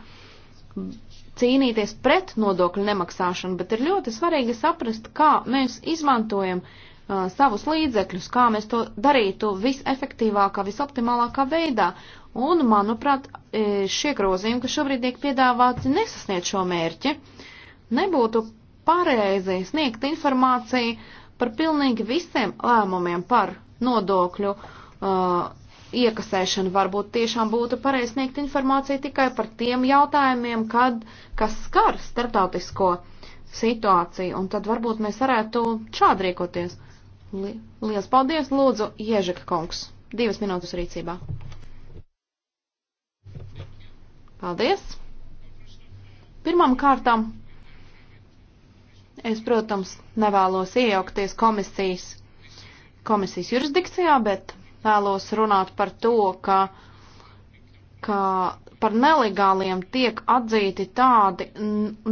cīnīties pret nodokļu nemaksāšanu, bet ir ļoti svarīgi saprast, kā mēs izmantojam uh, uh, savus līdzekļus, kā mēs to darītu visefektīvākā, visoptimālākā veidā. Un, manuprāt, šie grozījumi, kas šobrīd tiek piedāvāti, nesasniedz šo mērķi. Nebūtu pareizi sniegt informāciju par pilnīgi visiem lēmumiem par nodokļu uh, iekasēšana varbūt tiešām būtu pareizi sniegt informāciju tikai par tiem jautājumiem, kad, kas skar starptautisko situāciju, un tad varbūt mēs varētu šādi rīkoties. Li liels paldies, lūdzu, Iežeka kungs. Divas minūtes rīcībā. Paldies! Pirmam kārtam es, protams, nevēlos iejaukties komisijas, komisijas jurisdikcijā, bet vēlos runāt par to, ka, ka par nelegāliem tiek atzīti tādi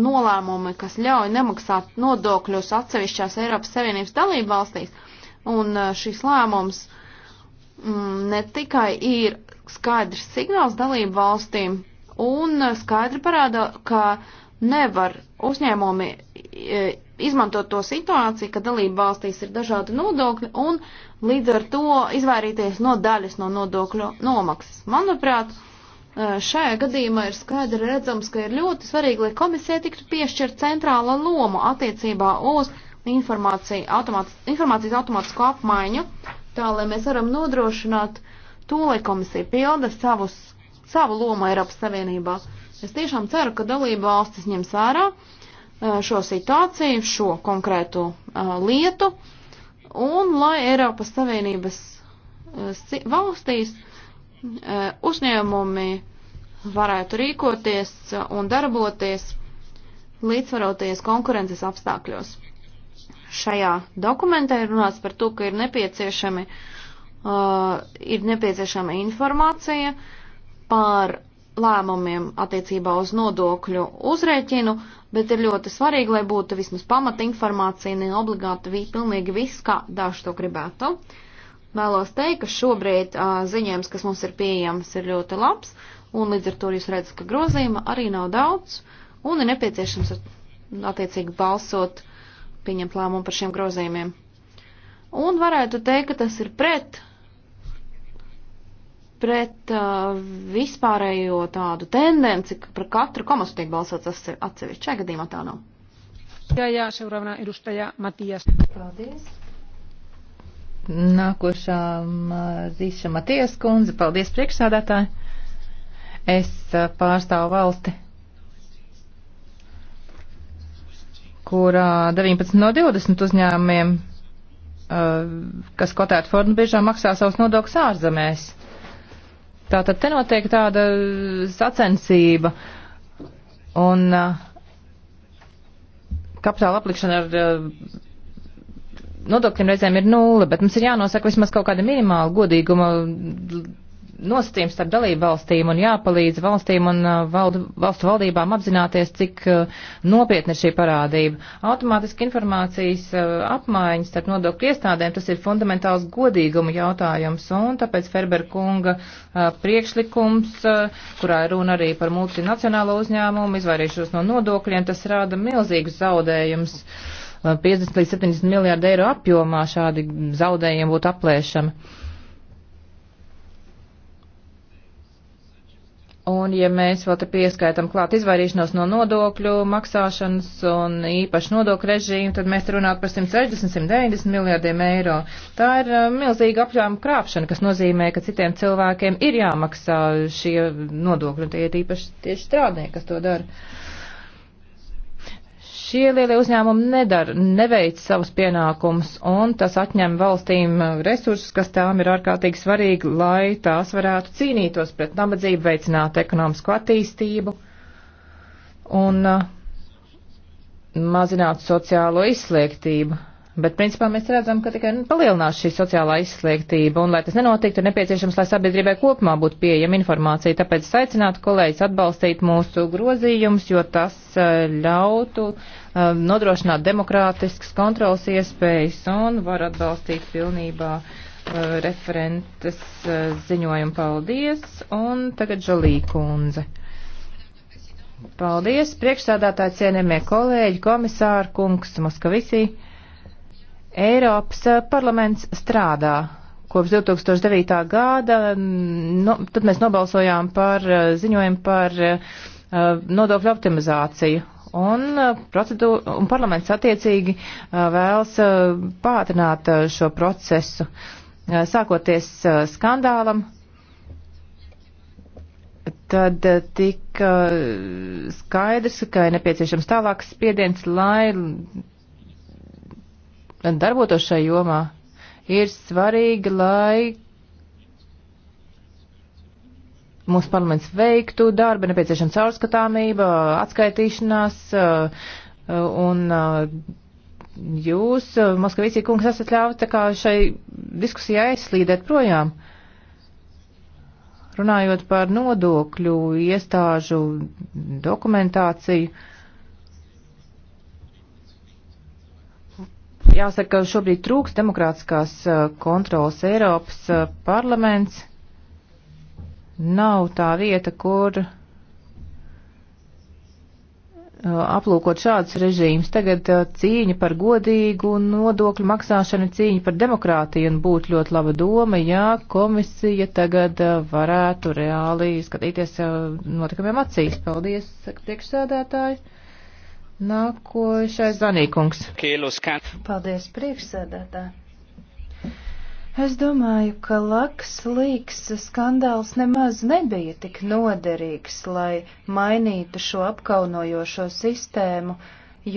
nolēmumi, kas ļauj nemaksāt nodokļus atsevišķās Eiropas Savienības dalību valstīs. Un šis lēmums mm, ne tikai ir skaidrs signāls dalību valstīm, un skaidri parāda, ka nevar uzņēmumi izmantot to situāciju, ka dalību valstīs ir dažādi nodokļi, un līdz ar to izvairīties no daļas no nodokļu nomaksas. Manuprāt, Šajā gadījumā ir skaidri redzams, ka ir ļoti svarīgi, lai komisija tiktu piešķirt centrāla loma attiecībā uz informāciju, automātis, informācijas automātisku apmaiņu, tā lai mēs varam nodrošināt to, lai komisija pilda savus, savu lomu Eiropas Savienībā. Es tiešām ceru, ka dalība valstis ņems vērā eh, šo situāciju, šo konkrētu uh, eh, lietu, un lai Eiropas Savienības uh, valstīs uh, uzņēmumi varētu rīkoties un darboties līdzvaroties konkurences apstākļos šajā dokumentā ir runāts par to, ka ir nepieciešami, uh, ir nepieciešama informācija par lēmumiem attiecībā uz nodokļu uzrēķinu, bet ir ļoti svarīgi, lai būtu vismaz pamata informācija, ne obligāti vi, pilnīgi viss, kā daži to gribētu. Vēlos teikt, ka šobrīd uh, ziņojums, kas mums ir pieejams, ir ļoti labs, un līdz ar to jūs redzat, ka grozījuma arī nav daudz, un ir nepieciešams attiecīgi balsot uh, pieņemt lēmumu par šiem grozījumiem. Un varētu teikt, ka tas ir pret, pret uh, vispārējo tādu tendenci, ka par katru komasu tiek balsots atsevišķi. Šajā gadījumā tā nav. Jā, jā, seuraavana edustaja Matijas. Paldies. Nākošā Zīša Matijas kundze. Paldies, priekšsādātāji. Es uh, pārstāvu valsti kurā 19 no 20 uzņēmumiem, uh, kas kotēta Fordu biežā, maksā savus nodokļus ārzemēs. Tātad te notiek tāda sacensība un uh, kapitāla aplikšana ar uh, nodokļiem reizēm ir nulle, bet mums ir jānosaka vismaz kaut kāda minimāla godīguma nosacījums starp dalību valstīm un jāpalīdz valstīm un uh, valdu, valstu valdībām apzināties, cik uh, nopietna ir šī parādība. Automātiski informācijas uh, apmaiņas starp nodokļu iestādēm tas ir fundamentāls godīguma jautājums un tāpēc Ferber kunga priekšlikums, kurā ir runa arī par multinacionālo uzņēmumu, izvairīšos no nodokļiem, tas rada milzīgus zaudējumus. 50 līdz 70 miljārdu eiro apjomā šādi zaudējumi būtu aplēšami. Un, ja mēs vēl te pieskaitam klāt izvairīšanos no nodokļu maksāšanas un īpaši nodokļu režīmu, tad mēs te runātu par 160, 190 miljārdiem eiro. Tā ir eh, milzīga apļāma krāpšana, kas nozīmē, ka citiem cilvēkiem ir jāmaksā šie nodokļi, un tie ir īpaši tieši strādnieki, kas to dara. Šie lielie uzņēmumi nedara, neveic savus pienākumus, un tas atņem valstīm uh, resursus, kas tām ir ārkārtīgi svarīgi, lai tās varētu cīnītos pret nabadzību, veicināt ekonomisko attīstību un uh, mazināt sociālo izsliektību. Bet, principā, mēs redzam, ka tikai nu, palielinās šī sociālā izslēgtība, un, lai tas nenotiktu, ir nepieciešams, lai sabiedrībai kopumā būtu pieejama informācija. Tāpēc es aicinātu kolēģis atbalstīt mūsu grozījumus, jo tas eh, ļautu um, nodrošināt demokrātiskas kontrolas iespējas un var atbalstīt pilnībā uh, referentes uh, ziņojumu. Paldies! Un tagad Žalī kundze. Paldies, priekšsādātāji, cienījamie kolēģi, komisāri, kungs, Moskavisī. Eiropas eh, parlaments strādā kopš 2009. gada, no, tad mēs nobalsojām par eh, ziņojumu par eh, nodokļu optimizāciju. Un, procedūra, un parlaments attiecīgi vēlas pātrināt šo procesu. Sākoties skandālam, tad tika skaidrs, ka ir nepieciešams tālāks spiediens, lai darbotos šai jomā, ir svarīgi, lai mūsu parlaments veiktu darbu, nepieciešama caurskatāmība, atskaitīšanās, un jūs, Moskavīcija kungs, esat ļāvis tā kā šai diskusijai aizslīdēt projām. Runājot par nodokļu iestāžu dokumentāciju, uh, Jāsaka, ka šobrīd trūks demokrātiskās kontrolas Eiropas parlaments. Nav tā vieta, kur aplūkot šādus režīmus. Tagad cīņa par godīgu nodokļu maksāšanu, cīņa par demokrātiju un būtu ļoti laba doma, ja komisija tagad varētu reāli skatīties notikamiem acīs. Paldies, priekšsēdētāji! Nākošais Zanīkungs. Paldies, priekšsēdētā. Es domāju, ka laks līks skandāls nemaz nebija tik noderīgs, lai mainītu šo apkaunojošo sistēmu,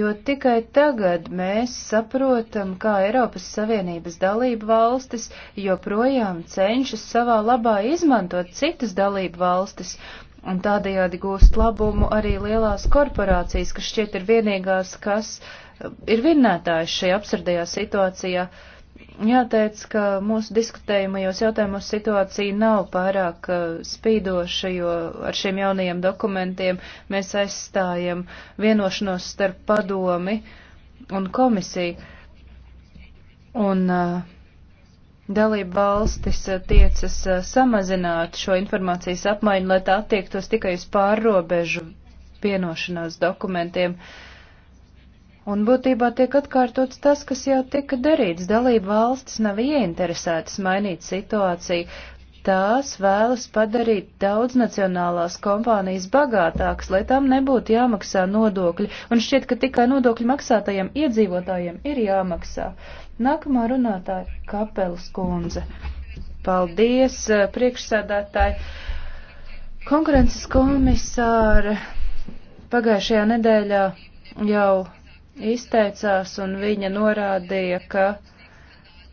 jo tikai tagad mēs saprotam, kā Eiropas Savienības dalību valstis joprojām cenšas savā labā izmantot citas dalību valstis Un tādējādi gūst labumu arī lielās korporācijas, kas šķiet ir vienīgās, kas eh, ir vinnētājs šajā absurdajā situācijā. Jāteic, ka mūsu diskutējumajos jautājumos situācija nav pārāk eh, spīdoša, jo ar šiem jaunajiem dokumentiem mēs aizstājam vienošanos starp padomi un komisiju. Un uh, dalību valstis eh, tiecas eh, samazināt šo informācijas apmaiņu, lai tā attiektos tikai uz pārrobežu vienošanās dokumentiem. Un būtībā tiek atkārtots tas, kas jau tika darīts. Dalību valstis nav ieinteresētas mainīt situāciju. Tās vēlas padarīt daudznacionālās kompānijas bagātākas, lai tām nebūtu jāmaksā nodokļi, un šķiet, ka tikai nodokļu maksātajiem iedzīvotājiem ir jāmaksā. Uh, Nākamā runātāja - Kapelas kundze. Paldies, eh, priekšsēdētāji. Konkurences komisāri pagājušajā nedēļā jau izteicās un viņa norādīja, ka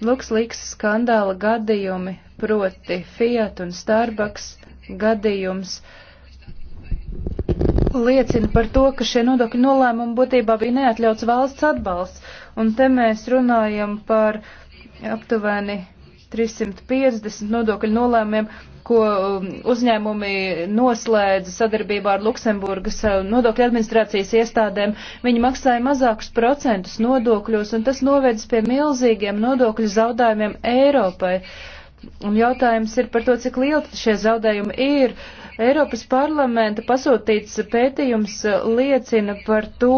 LuxLeaks skandāla gadījumi, proti Fiat un Starbucks gadījums, uh, liecina par to, ka šie nodokļu nolēmumi būtībā bija neatļauts valsts atbalsts. Un te mēs runājam par aptuveni 350 nodokļu nolēmumiem, ko um, uzņēmumi noslēdza sadarbībā ar Luksemburgas uh, nodokļu administrācijas iestādēm. Viņi maksāja mazākus procentus nodokļos, un tas novedis pie milzīgiem nodokļu zaudējumiem Eiropai. Un jautājums ir par to, cik lieli šie zaudējumi ir. Uh, Eiropas parlamenta pasūtīts pētījums liecina par to,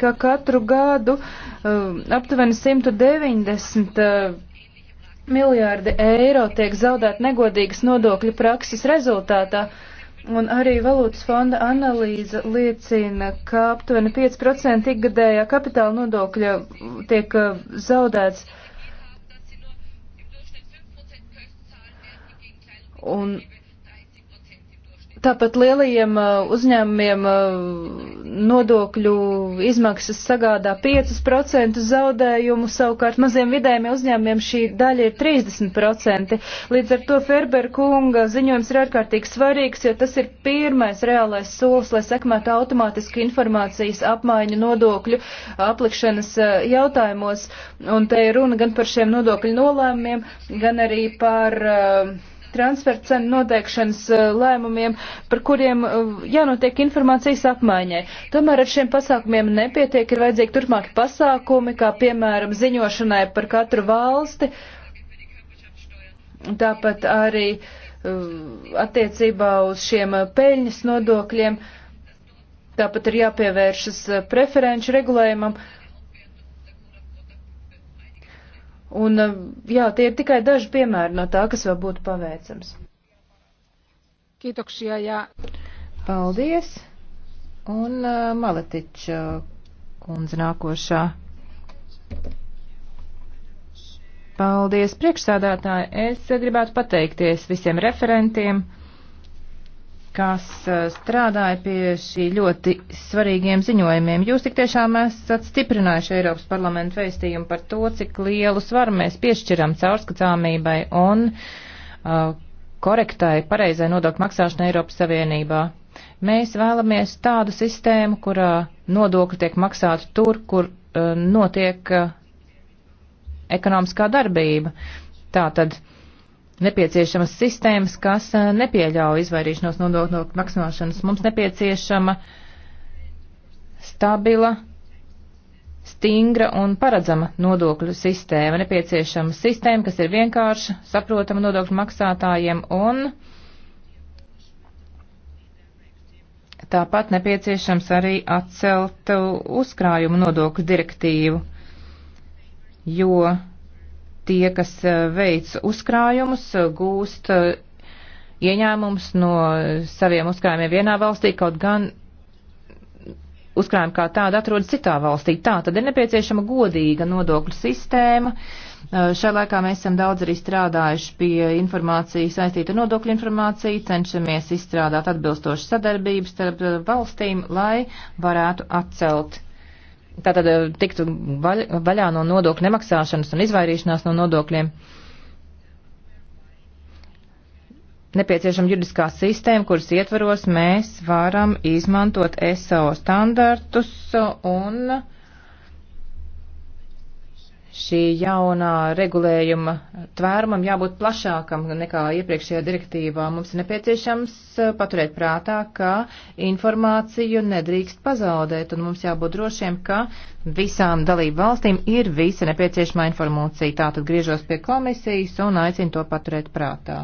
ka katru gadu uh, aptuveni 190 uh, miljārdi eiro tiek zaudēti negodīgas nodokļu prakses rezultātā. Un arī valūtas fonda analīze liecina, ka aptuveni 5% ikgadējā kapitāla nodokļa tiek uh, zaudēts. Un Tāpat lielajiem uh, uzņēmumiem uh, nodokļu izmaksas sagādā 5% zaudējumu, savukārt maziem vidējiem uzņēmumiem šī daļa ir 30%. Līdz ar to Ferber kunga ziņojums ir ārkārtīgi svarīgs, jo tas ir pirmais reālais solis, lai sekmētu automātisku informācijas apmaiņu nodokļu aplikšanas uh, jautājumos. Un te ir runa gan par šiem nodokļu nolēmumiem, gan arī par uh, transferu cenu noteikšanas eh, lēmumiem, par kuriem eh, jānotiek informācijas apmaiņai. Tomēr ar šiem pasākumiem nepietiek, ir vajadzīgi turpmāki pasākumi, kā piemēram ziņošanai par katru valsti, tāpat arī eh, attiecībā uz šiem peļņas nodokļiem, tāpat ir jāpievēršas preferenču regulējumam Un, eh, jā, tie ir tikai daži piemēri no tā, kas vēl būtu paveicams. Kītokšajā, jā. Paldies. Un uh, eh, Maletiča eh, kundze nākošā. Paldies, priekšsādātāji. Es gribētu pateikties visiem referentiem kas eh, strādāja pie šī ļoti svarīgiem ziņojumiem. Jūs tik tiešām esat stiprinājuši Eiropas parlamentu vēstījumu par to, cik lielu svaru mēs piešķiram caurskatāmībai un uh, korektai, pareizai nodokļu maksāšanai Eiropas Savienībā. Mēs vēlamies tādu sistēmu, kurā nodokļi tiek maksāti tur, kur uh, notiek uh, ekonomiskā darbība. Tātad uh, nepieciešamas sistēmas, kas eh, nepieļauj izvairīšanos nodokļu maksāšanas. Mums nepieciešama stabila, stingra un paredzama nodokļu sistēma. Nepieciešama sistēma, kas ir vienkārša, saprotama nodokļu maksātājiem un tāpat nepieciešams arī atcelt uzkrājumu nodokļu direktīvu, jo tie, kas eh, veic uzkrājumus, eh, gūst eh, ieņēmumus no saviem uzkrājumiem vienā valstī, kaut gan uzkrājumi kā tāda atrodas citā valstī. Tā tad ir nepieciešama godīga nodokļu sistēma. Šai laikā mēs esam daudz arī strādājuši pie informācijas saistīta ar nodokļu informāciju, cenšamies izstrādāt atbilstošu sadarbību starp valstīm, lai varētu atcelt uh, tātad eh, tiktu vaļ, vaļā no nodokļu nemaksāšanas un izvairīšanās no nodokļiem. Nepieciešama juridiskā sistēma, kuras ietvaros mēs varam izmantot SO standartus un uh, šī jaunā regulējuma tvērumam jābūt plašākam nekā iepriekšējā direktīvā. Mums ir nepieciešams eh, paturēt prātā, ka informāciju nedrīkst pazaudēt, un mums jābūt drošiem, ka visām dalību valstīm ir visa nepieciešamā informācija. Tātad griežos pie komisijas un aicinu to paturēt prātā.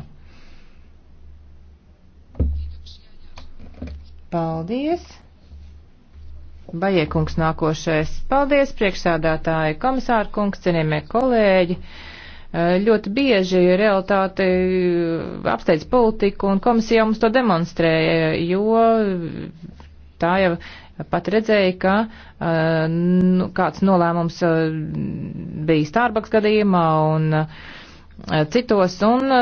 Paldies! Bajiekungs nākošais. Paldies, priekšsādātāji, komisāra kungs, cienījamie kolēģi. Eh, ļoti bieži realitāte eh, apsteidz politiku un komisija mums to demonstrēja, jo tā jau pat redzēja, ka eh, nu, kāds nolēmums bija Starbucks gadījumā un citos, un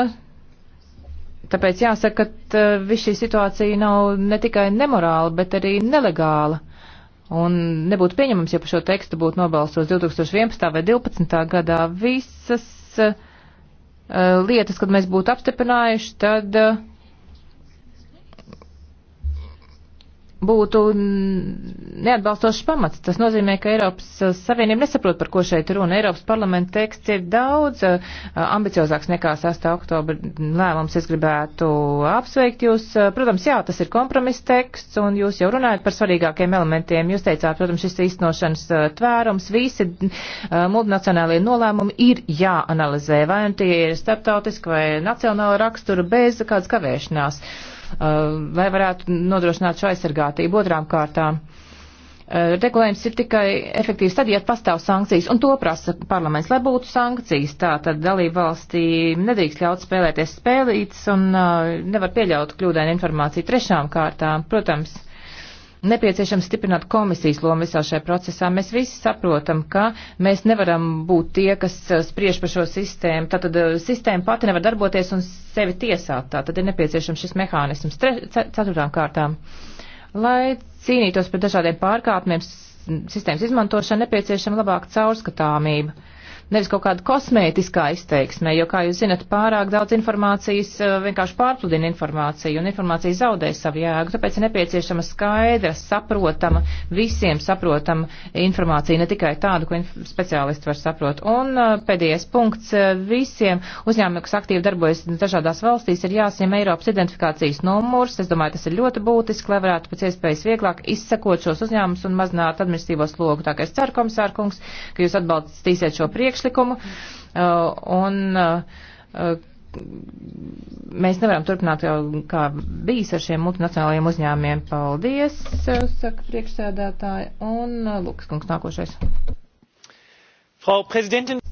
tāpēc jāsaka, ka viss šī situācija nav ne tikai nemorāla, bet arī nelegāla. Un nebūtu pieņemams, ja par šo tekstu būtu nobalstos 2011. vai 2012. gadā visas uh, lietas, kad mēs būtu apstiprinājuši, tad uh, būtu neatbalstošs pamats. Tas nozīmē, ka Eiropas uh, Savienība nesaprot, par ko šeit runa. Eiropas parlamenta teksts ir daudz uh, ambiciozāks nekā 6. oktobra lēmums. Es gribētu apsveikt jūs. Uh, protams, jā, tas ir kompromiss teksts, un jūs jau runājat par svarīgākiem elementiem. Jūs teicāt, protams, šis īstenošanas tvērums, visi multinacionālie nolēmumi ir jāanalizē, vai nu tie ir starptautiski vai nacionāla rakstura bez kādas kavēšanās. Uh, lai uh, varētu nodrošināt šo aizsargātību otrām kārtām. Uh, regulējums ir tikai efektīvs tad, ja pastāv sankcijas, un to prasa parlaments, lai būtu sankcijas. Tā tad dalība valstī nedrīkst ļaut spēlēties spēlītas un uh, nevar pieļaut kļūdainu informāciju trešām kārtām. Protams, nepieciešams stiprināt komisijas lomu visā šajā procesā. Mēs visi saprotam, ka mēs nevaram būt tie, kas uh, spriež par šo sistēmu. Tātad uh, sistēma pati nevar darboties un sevi tiesāt. Tātad ir nepieciešams šis mehānisms. Tre, ceturtām kārtām, lai cīnītos par dažādiem pārkāpumiem, sistēmas izmantošana nepieciešama labāka caurskatāmība nevis kaut kāda kosmētiskā izteiksmē, jo, kā jūs zinat, pārāk daudz informācijas eh, vienkārši pārpludina informāciju un informācija zaudē savu jēgu. Tāpēc ir nepieciešama skaidra, saprotama, visiem saprotama informācija, ne tikai tādu, ko speciālisti var saprot. Un eh, pēdējais punkts eh, visiem uzņēmumiem, kas aktīvi darbojas dažādās valstīs, ir jāsiem Eiropas identifikācijas numurs. Es domāju, tas ir ļoti būtiski, lai varētu pēc iespējas vieglāk izsekot šos uzņēmumus un mazināt administrīvo slogu. Tā kā es ceru, komisār kungs, ka jūs atbalstīsiet šo priekšlikumu priekšlikumu, un mēs nevaram turpināt jau kā bijis ar šiem multinacionālajiem uzņēmumiem. Paldies, saka priekšsēdētāji, un Lukas kungs nākošais. Frau Präsidentin!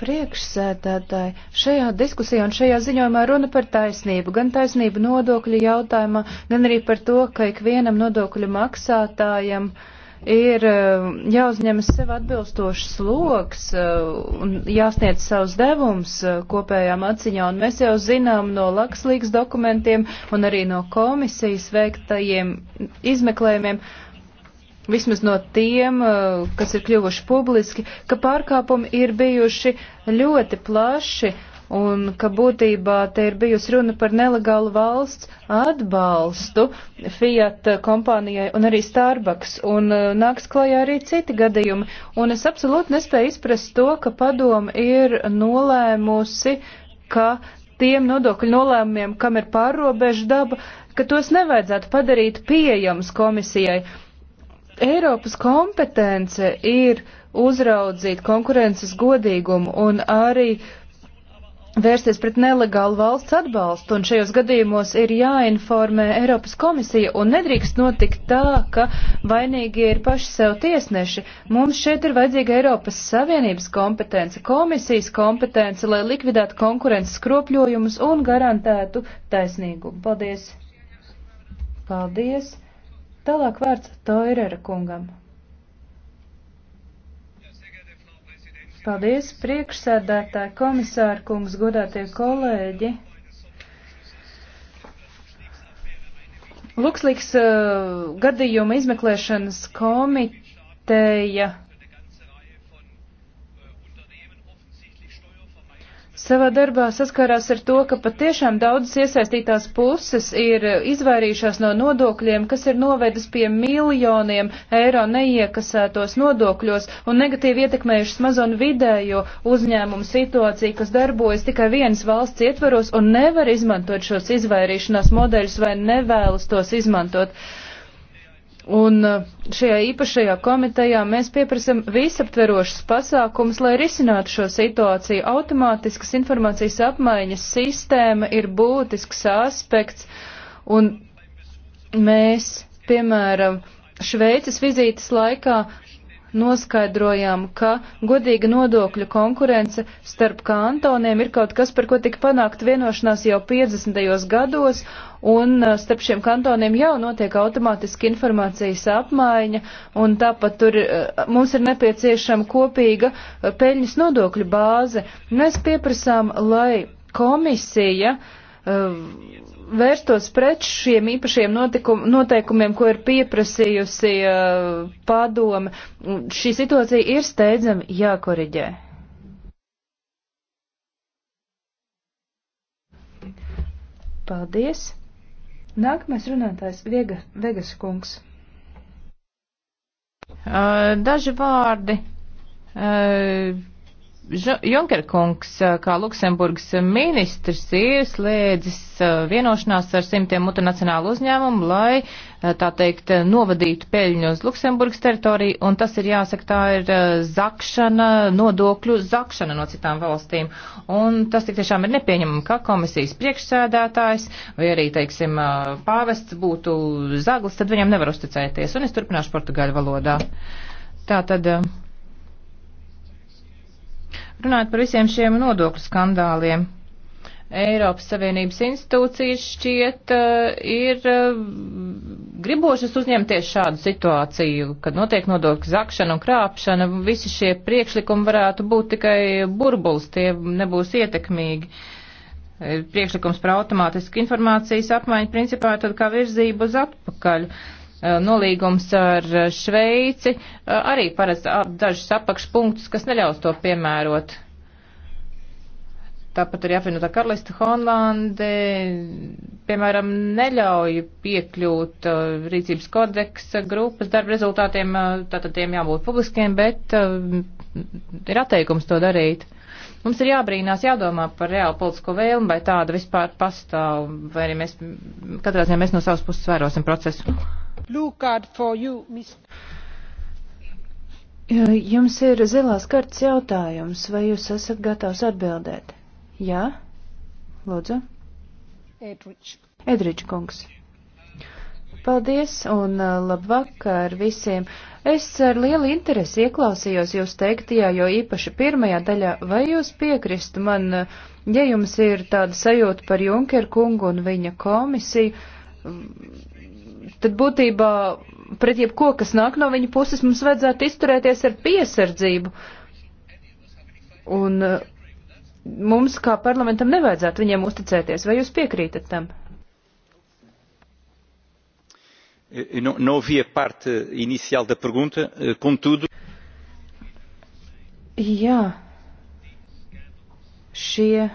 priekšsēdētāji, šajā diskusijā un šajā ziņojumā runa par taisnību, gan taisnību nodokļu jautājumā, gan arī par to, ka ikvienam nodokļu maksātājam uh, ir eh, jāuzņemas sev atbilstošs sloks eh, un jāsniedz savus devums eh, kopējām atziņā. Un mēs jau zinām no Lakslīgas dokumentiem un arī no komisijas veiktajiem izmeklējumiem, vismaz no tiem, kas ir kļuvuši publiski, ka pārkāpumi ir bijuši ļoti plaši. Uh, un ka būtībā te ir bijusi runa par nelegālu valsts atbalstu Fiat kompānijai un arī Starbucks, un uh, nāks klajā arī citi gadījumi. Un es absolūti nespēju izprast to, ka padoma ir nolēmusi, ka tiem nodokļu nolēmumiem, kam ir pārrobežu daba, ka tos nevajadzētu padarīt pieejams komisijai. Eiropas kompetence ir uzraudzīt konkurences godīgumu un arī uh, vērsties pret nelegālu valsts atbalstu, un šajos gadījumos ir jāinformē Eiropas komisija, un nedrīkst notikt tā, ka vainīgie ir paši sev tiesneši. Mums šeit ir vajadzīga Eiropas Savienības kompetence, komisijas kompetence, lai likvidētu konkurences skropļojumus un garantētu taisnīgumu. Paldies! Paldies! Tālāk vārds Toirera kungam. Paldies, priekšsēdētāji, komisāri kungs, godātie kolēģi. Lukslīgs uh, gadījuma izmeklēšanas komiteja savā darbā saskārās ar to, ka patiešām daudzas iesaistītās puses ir izvairījušās no nodokļiem, kas ir novedis pie miljoniem eiro neiekasētos nodokļos un negatīvi ietekmējušas mazo un vidējo uzņēmumu situāciju, kas darbojas tikai vienas valsts ietvaros un nevar izmantot šos izvairīšanās modeļus vai nevēlas tos izmantot. Uh, Un uh, šajā īpašajā komitejā mēs pieprasam visaptverošas pasākums, lai risinātu šo situāciju. Automātiskas informācijas apmaiņas sistēma ir būtisks aspekts, un mēs, piemēram, Šveices vizītes laikā noskaidrojām, ka godīga nodokļu konkurence starp kantoniem ir kaut kas, par ko tika panākt vienošanās jau 50. gados, un uh, starp šiem kantoniem jau notiek automātiski informācijas apmaiņa, un tāpat tur uh, mums ir nepieciešama kopīga uh, peļņas nodokļu bāze. Mēs pieprasām, lai komisija uh, vērstos pret šiem īpašiem notikum, noteikumiem, ko ir pieprasījusi uh, padome. Šī situācija ir steidzami jākoriģē. Paldies! Nākamais runātājs Viega, Vegas kungs. Uh, daži vārdi. Uh, Junker kungs, eh, kā Luksemburgas ministrs, ieslēdzis eh, vienošanās ar simtiem multinacionālu uzņēmumu, lai, eh, tā teikt, novadītu peļņu uz Luksemburgas teritoriju, un tas ir jāsaka, tā ir zakšana, nodokļu zakšana no citām valstīm. Un tas tik tiešām ir nepieņemami, ka komisijas priekšsēdētājs vai arī, teiksim, pāvests būtu zaglis, tad viņam nevar uzticēties. Un es turpināšu portugāļu valodā. Tā tad. Uh, Runājot par visiem šiem nodokļu skandāliem, Eiropas Savienības institūcijas šķiet eh, ir eh, gribošas uzņemties šādu situāciju, kad notiek nodokļu zakšana un krāpšana. Visi šie priekšlikumi varētu būt tikai burbulis, tie nebūs ietekmīgi. Eh, priekšlikums par automātisku informācijas apmaiņu principā ir tad kā virzība uz atpakaļ. Uh, Eh, nolīgums ar eh, Šveici eh, arī paredz dažus apakšpunktus, kas neļaus to piemērot. Tāpat arī apvienotā karalista Honlande, piemēram, neļauj piekļūt uh, rīcības kodeksa grupas darba rezultātiem, uh, tātad tiem jābūt publiskiem, bet uh, ir atteikums to darīt. Mums ir jābrīnās, jādomā par reālu politisko vēlmu, vai tāda vispār pastāv, vai arī mēs, katrā ziņā mēs no savas puses vērosim procesu. You, Jums ir zilās kartas jautājums, vai jūs esat gatavs atbildēt? Jā, lūdzu. Edrič. Edrič kungs. Paldies un uh, labvakar visiem. Es ar lielu interesi ieklausījos jūs teiktajā, jo īpaši pirmajā daļā, vai jūs piekristu man, uh, ja jums ir tāda sajūta par Junkeru kungu un viņa komisiju, mm, tad būtībā pret jebko, kas nāk no viņa puses, mums vajadzētu izturēties ar piesardzību. Un eh, mums kā parlamentam nevajadzētu viņiem uzticēties. Vai jūs piekrītat tam? Eh, eh, não, não ouvi a e parte inicial da pergunta, contudo. Jā, šie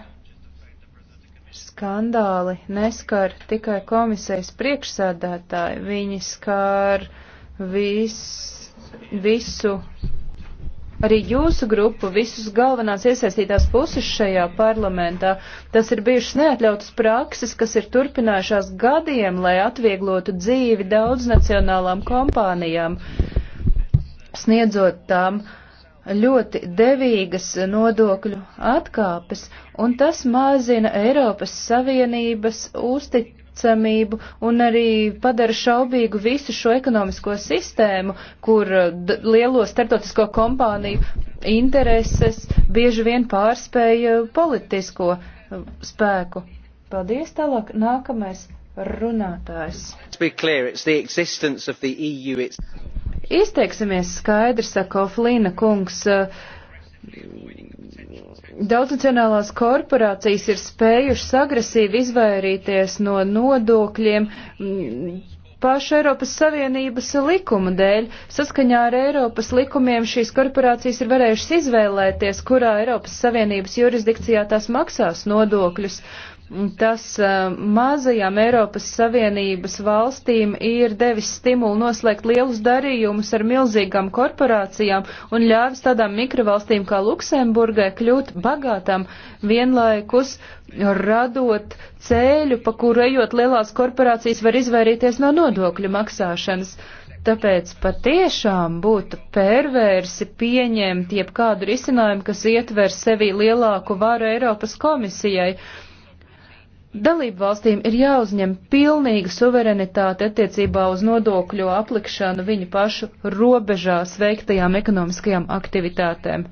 skandāli neskar tikai komisijas priekšsēdētāji, viņi skar vis, visu, arī jūsu grupu, visus galvenās iesaistītās puses šajā parlamentā. Tas ir bijušas neatļautas prakses, kas ir turpinājušās gadiem, lai atvieglotu dzīvi daudznacionālām kompānijām, sniedzot tām uh, ļoti devīgas nodokļu atkāpes, un tas mazina Eiropas Savienības uzticamību un arī padara šaubīgu visu šo ekonomisko sistēmu, kur lielo startautisko kompāniju intereses bieži vien pārspēja politisko uh, spēku. Paldies tālāk. Nākamais runātājs. Izteiksimies skaidri, saka Oflīna kungs. Daudznacionālās korporācijas ir spējušas agresīvi izvairīties no nodokļiem mm, paša Eiropas Savienības likuma dēļ. Saskaņā ar Eiropas likumiem šīs korporācijas ir varējušas izvēlēties, kurā Eiropas Savienības jurisdikcijā tās maksās nodokļus. Uh, Tas eh, mazajām Eiropas Savienības valstīm ir devis stimulu noslēgt lielus darījumus ar milzīgām korporācijām un ļāvis tādām mikrovalstīm kā Luksemburgai kļūt bagātām, vienlaikus radot ceļu, pa kuru ejot lielās korporācijas var izvairīties no nodokļu maksāšanas. Tāpēc patiešām būtu perversi pieņemt jebkādu risinājumu, kas ietver sevi lielāku varu Eiropas komisijai Dalību valstīm ir jāuzņem pilnīga suverenitāte attiecībā uz nodokļu aplikšanu viņu pašu robežās veiktajām ekonomiskajām aktivitātēm.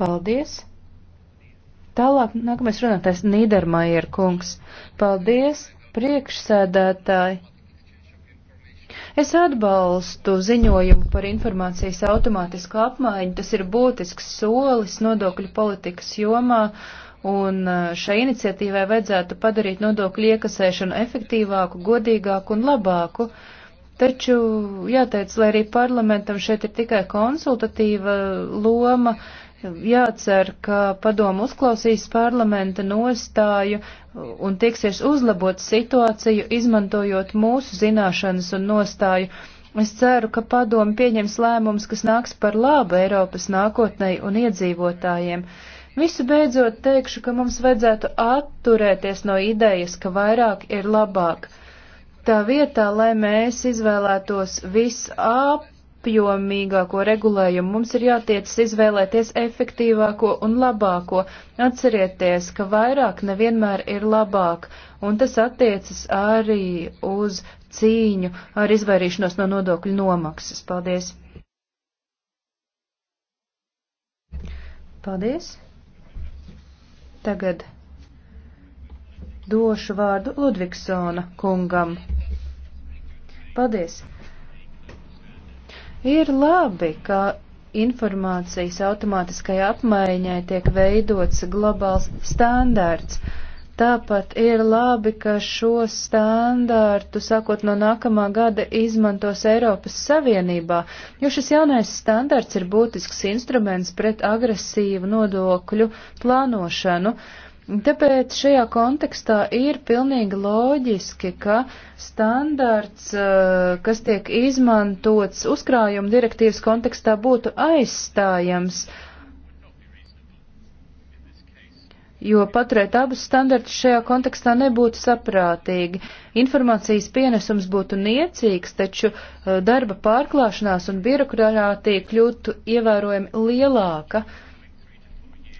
Paldies! Tālāk nākamais runātais Nīdermajer kungs. Paldies, priekšsēdētāji! Es atbalstu ziņojumu par informācijas automātisku apmaiņu. Tas ir būtisks solis nodokļu politikas jomā. Uh, un e, šai iniciatīvai vajadzētu padarīt nodokļu iekasēšanu efektīvāku, godīgāku un labāku. Taču, jāteic, lai arī parlamentam šeit ir tikai konsultatīva loma, jācer, ka padomu uzklausīs parlamenta nostāju un tiksies uzlabot situāciju, izmantojot mūsu zināšanas un nostāju. Es ceru, ka padomu pieņems lēmums, kas nāks par labu Eiropas nākotnei un iedzīvotājiem. Visu beidzot teikšu, ka mums vajadzētu atturēties no idejas, ka vairāk ir labāk. Tā vietā, lai mēs izvēlētos visapjomīgāko regulējumu, mums ir jātiecas izvēlēties efektīvāko un labāko. Atcerieties, ka vairāk nevienmēr ir labāk, un tas attiecas arī uz cīņu ar izvairīšanos no nodokļu nomaksas. Paldies! Paldies! Tagad došu vārdu Ludvigsona kungam. Paldies! Ir labi, ka informācijas automātiskajai apmaiņai tiek veidots globāls standārts. Tāpat ir labi, ka šo standārtu, sākot no nākamā gada, izmantos Eiropas Savienībā, jo šis jaunais standārts ir būtisks instruments pret agresīvu nodokļu plānošanu. Tāpēc šajā kontekstā ir pilnīgi loģiski, ka standārts, eh, kas tiek izmantots uzkrājuma direktīvas kontekstā, būtu aizstājams uh, jo paturēt abus standartus šajā kontekstā nebūtu saprātīgi. Informācijas pienesums būtu niecīgs, taču eh, darba pārklāšanās un birokrātija kļūtu ievērojami lielāka. Uh,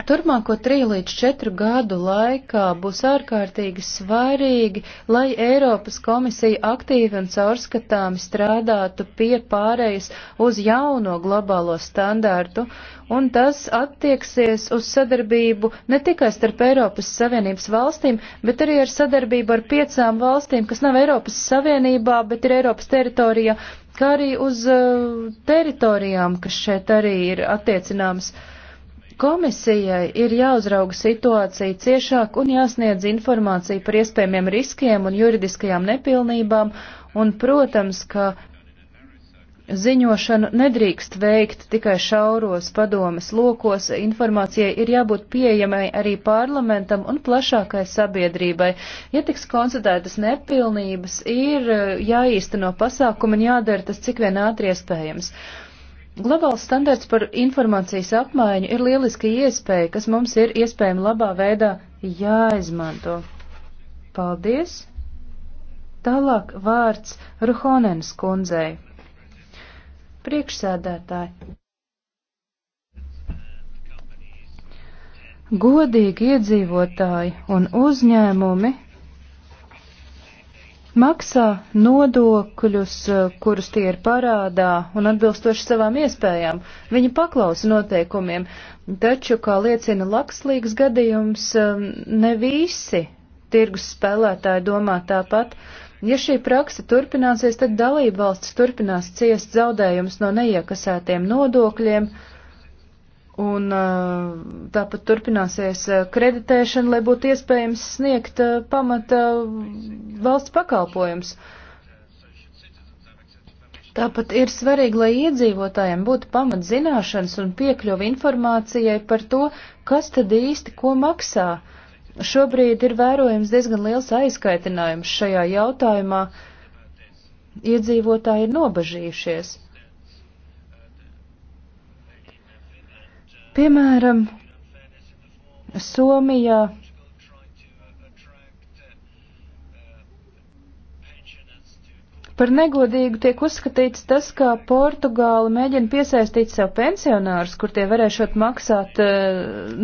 Turmāko 3 līdz 4 gadu laikā būs ārkārtīgi svarīgi, lai Eiropas komisija aktīvi un caurskatāmi strādātu pie pārējas uz jauno globālo standārtu, un tas attieksies uz sadarbību ne tikai starp Eiropas Savienības valstīm, bet arī ar sadarbību ar piecām valstīm, kas nav Eiropas Savienībā, bet ir Eiropas teritorijā, kā arī uz eh, teritorijām, kas šeit arī ir attiecināmas. Uh, Komisijai ir jāuzrauga situācija ciešāk un jāsniedz informācija par iespējamiem riskiem un juridiskajām nepilnībām, un, protams, ka ziņošanu nedrīkst veikt tikai šauros padomes lokos, informācijai ir jābūt pieejamai arī parlamentam un plašākai sabiedrībai. Ja tiks konstatētas nepilnības, ir eh, jāīsteno pasākumi un jādara tas cik vien ātri iespējams. Uh, Globāls standarts par informācijas apmaiņu ir lieliska iespēja, kas mums ir iespējami labā veidā jāizmanto. Paldies! Tālāk vārds Ruhonenes kundzei. Priekšsēdētāji. Godīgi iedzīvotāji un uzņēmumi maksā nodokļus, eh, kurus tie ir parādā un atbilstoši savām iespējām. Viņi paklausa noteikumiem, taču, kā liecina lakslīgs gadījums, eh, ne visi tirgus spēlētāji domā tāpat. Ja šī praksa turpināsies, tad dalībvalstis turpinās ciest zaudējumus no neiekasētiem nodokļiem, uh, Un uh, tāpat turpināsies uh, kreditēšana, lai būtu iespējams sniegt uh, pamata valsts pakalpojums. Tāpat ir svarīgi, lai iedzīvotājiem būtu pamat zināšanas un piekļuvi informācijai par to, kas tad īsti ko maksā. Šobrīd ir vērojams diezgan liels aizkaitinājums šajā jautājumā. Iedzīvotāji ir nobažījušies. Piemēram, Somijā Par negodīgu tiek uzskatīts tas, kā Portugāla mēģina piesaistīt sev pensionārus, kur tie varēšot maksāt e,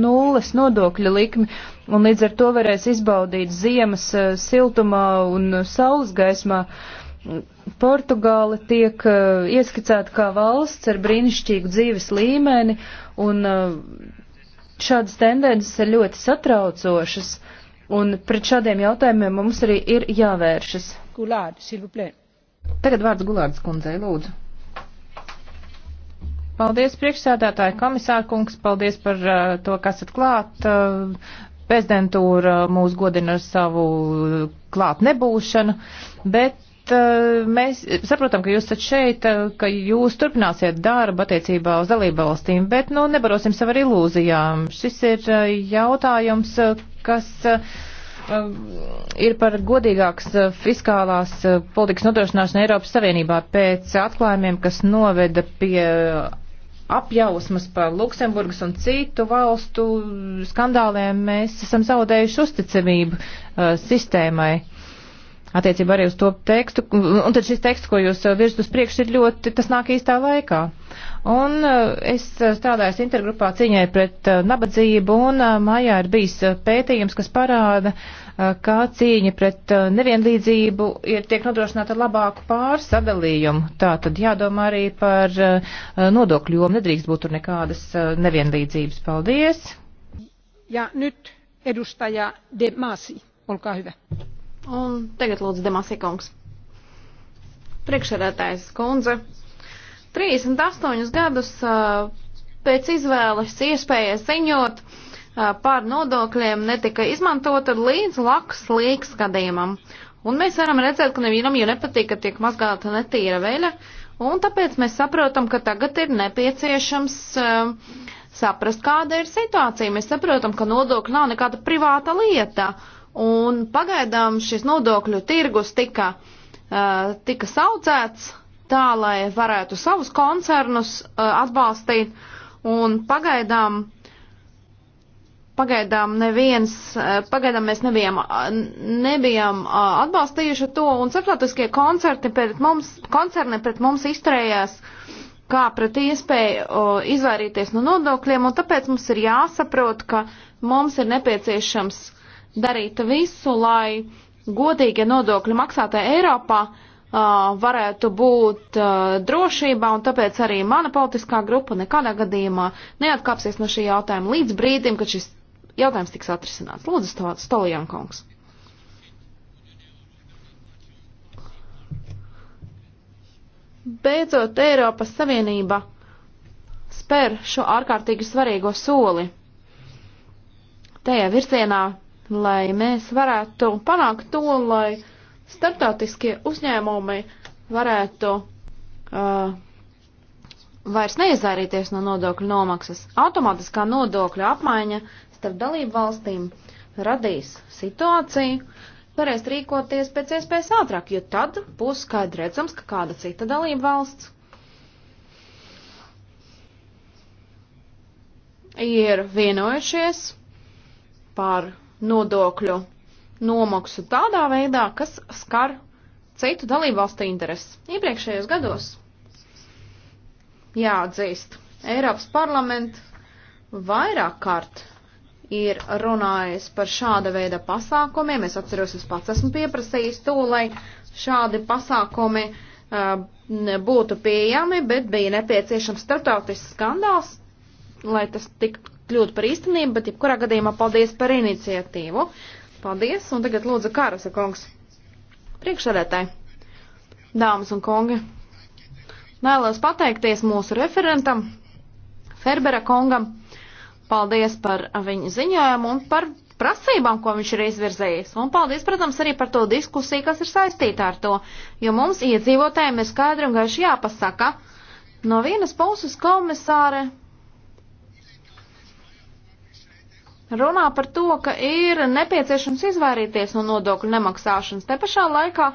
nulles nodokļu likmi, un līdz ar to varēs izbaudīt ziemas e, siltumā un saules gaismā. Portugāla tiek e, ieskicēta kā valsts ar brīnišķīgu dzīves līmeni, Un uh, šādas tendences ir ļoti satraucošas, un pret šādiem jautājumiem mums arī ir jāvēršas. Gulādi, Silvuplē. Tagad vārds Gulārdas kundzei, lūdzu. Paldies, priekšsēdētāji komisārkungs, paldies par uh, to, kas esat klāt. Uh, Prezidentūra mūs godina ar savu uh, klāt nebūšanu, bet Eh, mēs saprotam, ka jūs esat šeit, eh, ka jūs turpināsiet darbu attiecībā uz dalību valstīm, bet nu nebarosim sev ar ilūzijām. Šis ir eh, jautājums, kas ir par godīgāks fiskālās politikas nodrošināšanu Eiropas Savienībā pēc atklājumiem, kas noveda pie apjausmas par Luksemburgas un citu valstu skandāliem. Mēs esam zaudējuši uzticamību sistēmai attiecībā arī uz to tekstu. Un tad šis teksts, ko jūs eh, virzat uz priekšu, ir ļoti, tas nāk īstā laikā. Un eh, es eh, strādāju intergrupā cīņai pret nabadzību, un mājā ir bijis pētījums, kas parāda, kā cīņa pret nevienlīdzību ir tiek nodrošināta ar labāku pārsadalījumu. Tā tad jādomā arī par nodokļu jomu. Nedrīkst būt tur nekādas nevienlīdzības. Paldies! Ja nyt edustaja De Masi, olkaa hyvä. Un tagad lūdzu Demasikungs. Priekšsēdētājs kundze. 38 gadus pēc izvēles iespējas ziņot par nodokļiem netika izmantota līdz laks līks gadījumam. Un mēs varam redzēt, ka nevienam jau nepatīk, ka tiek mazgāta netīra veļa, un tāpēc mēs saprotam, ka tagad ir nepieciešams uh, saprast, kāda ir situācija. Mēs saprotam, ka nodokļi nav nekāda privāta lieta. Uh, Un pagaidām šis nodokļu tirgus tika, uh, tika saucēts tā, lai varētu savus koncernus uh, atbalstīt, un pagaidām, pagaidām, neviens, uh, pagaidām mēs nebijām, nebijām atbalstījuši to, un starptautiskie koncerti pret mums, koncerni pret mums izturējās kā pret iespēju izvairīties no nodokļiem, un tāpēc mums ir jāsaprot, ka mums ir nepieciešams uh, darīt visu, lai godīgie nodokļu maksātāji Eiropā uh, varētu būt uh, drošībā, un tāpēc arī mana politiskā grupa nekādā gadījumā neatkāpsies no šī jautājuma līdz brīdim, kad šis jautājums tiks atrisināts. Lūdzu, Stolijankungs. Beidzot, Eiropas Savienība spēr šo ārkārtīgi svarīgo soli. Tajā virzienā, lai mēs varētu panākt to, lai starptautiskie uzņēmumi varētu uh, vairs neizvairīties no nodokļu nomaksas. Automātiskā nodokļa apmaiņa starp dalību valstīm radīs situāciju, varēs rīkoties pēc iespējas ātrāk, jo tad būs skaidri redzams, ka kāda cita dalība valsts ir vienojušies par nodokļu nomaksu tādā veidā, kas skar citu dalībvalstu intereses. Iepriekšējos gados jāatzīst, Eiropas parlaments vairāk kārt ir runājis par šāda veida pasākumiem. Es atceros, es pats esmu pieprasījis to, lai šādi pasākumi uh, būtu pieejami, bet bija nepieciešams starptautisks skandāls, lai tas tiktu kļūt par īstenību, bet jebkurā gadījumā paldies par iniciatīvu. Paldies, un tagad lūdzu Kārasa kungs. Priekšsēdētāji, dāmas un kungi, vēlos pateikties mūsu referentam, Ferbera kungam. Paldies par viņa ziņojumu un par prasībām, ko viņš ir izvirzējis. Un paldies, protams, arī par to diskusiju, kas ir saistīta ar to, jo mums iedzīvotājiem ir skaidri un gaiši jāpasaka. No vienas puses komisāre runā par to, ka ir nepieciešams izvairīties no nodokļu nemaksāšanas. Te pašā laikā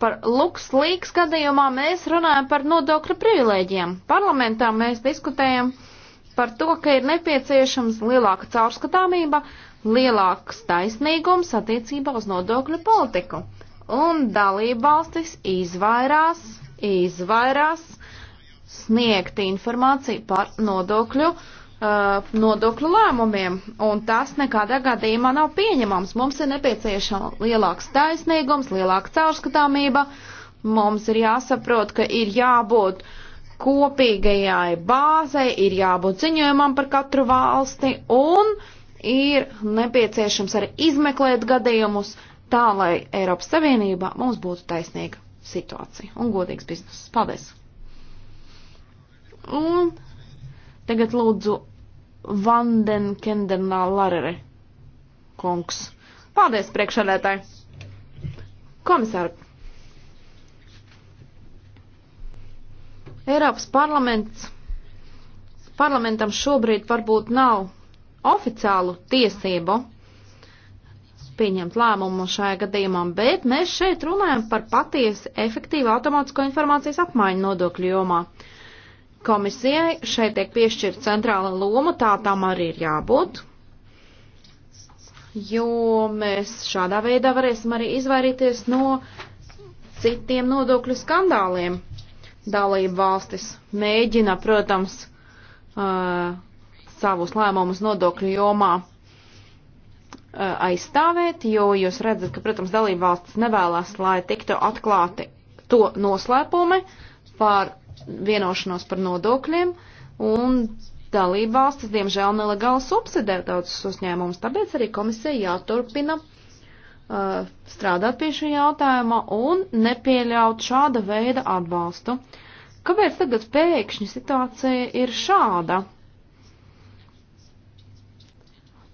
par LuxLeaks gadījumā mēs runājam par nodokļu privilēģiem. Parlamentā mēs diskutējam par to, ka ir nepieciešams lielāka caurskatāmība, lielāks taisnīgums attiecībā uz nodokļu politiku. Un dalībvalstis izvairās, izvairās sniegt informāciju par nodokļu uh, Uh, nodokļu lēmumiem, un tas nekādā gadījumā nav pieņemams. Mums ir nepieciešama lielāks taisnīgums, lielāka caurskatāmība, mums ir jāsaprot, ka ir jābūt kopīgajai bāzei, ir jābūt ziņojumam par katru valsti, un ir nepieciešams arī izmeklēt gadījumus tā, lai Eiropas Savienībā mums būtu taisnīga situācija un godīgs biznesis. Paldies! Un tagad lūdzu Vandenkendenā Larere kungs. Paldies, priekšsēdētāji! Komisāri! Eiropas parlaments, parlamentam šobrīd varbūt nav oficiālu tiesību pieņemt lēmumu šajā gadījumā, bet mēs šeit runājam par patiesi efektīvu automātisko informācijas apmaiņu nodokļu jomā. Uh, Komisijai šeit tiek piešķirta centrāla loma, tā tam arī ir jābūt, jo mēs šādā veidā varēsim arī izvairīties no citiem nodokļu skandāliem. Dalība valstis mēģina, protams, uh, savus lēmumus nodokļu jomā uh, aizstāvēt, jo jūs redzat, ka, protams, dalība valstis nevēlas, lai tiktu atklāti to noslēpumi par vienošanos par nodokļiem, un dalībvalstis, diemžēl, nelegāli subsidē tautas uzņēmumus. Tāpēc arī komisija jāturpina uh, strādāt pie šī jautājuma un nepieļaut šāda veida atbalstu. Kāpēc tagad pēkšņi situācija ir šāda?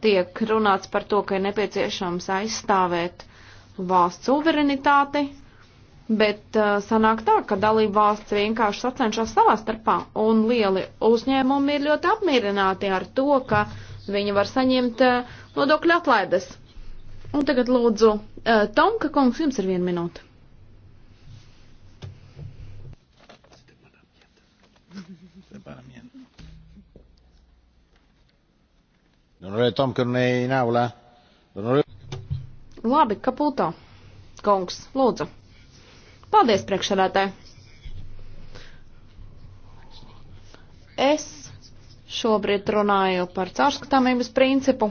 Tiek runāts par to, ka ir nepieciešams aizstāvēt valsts suverenitāti, Bet uh, sanāk tā, ka dalība valsts vienkārši sacenšas savā starpā, un lieli uzņēmumi ir ļoti apmierināti ar to, ka viņi var saņemt uh, nodokļu atlaides. Un tagad lūdzu, uh, Tomka kungs, jums ir viena minūte. Onorevole Tomka non è in aula? Labi, Kaputo. Kungs, lūdzu. Paldies, priekšsēdētāji! Es šobrīd runāju par caurskatāmības principu.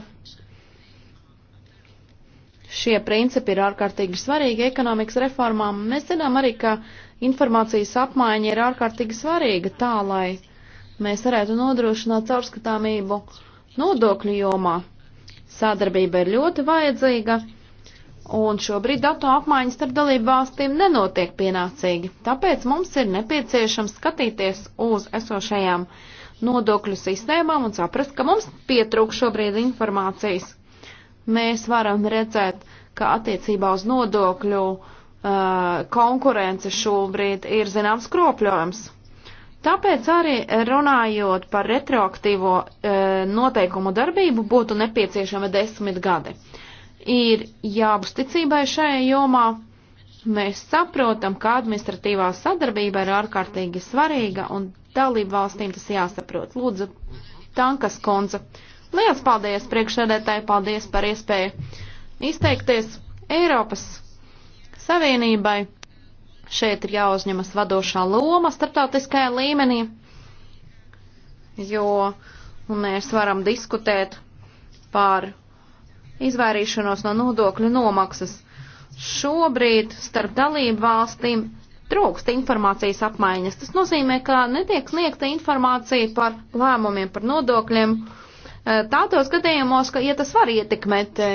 Šie principi ir ārkārtīgi svarīgi ekonomikas reformām. Mēs zinām arī, ka informācijas apmaiņa ir ārkārtīgi svarīga tā, lai mēs varētu nodrošināt caurskatāmību nodokļu jomā. Sadarbība ir ļoti vajadzīga Un šobrīd datu apmaiņas starp dalību valstīm nenotiek pienācīgi, tāpēc mums ir nepieciešams skatīties uz esošajām nodokļu sistēmām un saprast, ka mums pietrūk šobrīd informācijas. Mēs varam redzēt, ka attiecībā uz nodokļu uh, konkurence šobrīd ir zināms kropļojums. Tāpēc arī runājot par retroaktīvo e, noteikumu darbību būtu nepieciešama desmit gadi ir jābūt ticībai šajā jomā. Mēs saprotam, ka administratīvā sadarbība ir ārkārtīgi svarīga un dalību valstīm tas jāsaprot. Lūdzu, Tankas konca. Liels paldies priekšsēdētāji, paldies par iespēju izteikties Eiropas Savienībai. Šeit ir jāuzņemas vadošā loma starptautiskajā līmenī, jo mēs varam diskutēt par izvairīšanos no nodokļu nomaksas. Šobrīd starp dalību valstīm trūkst informācijas apmaiņas. Tas nozīmē, ka netiek sniegta informācija par lēmumiem par nodokļiem e, tādos gadījumos, ka, ja tas var ietekmēt e,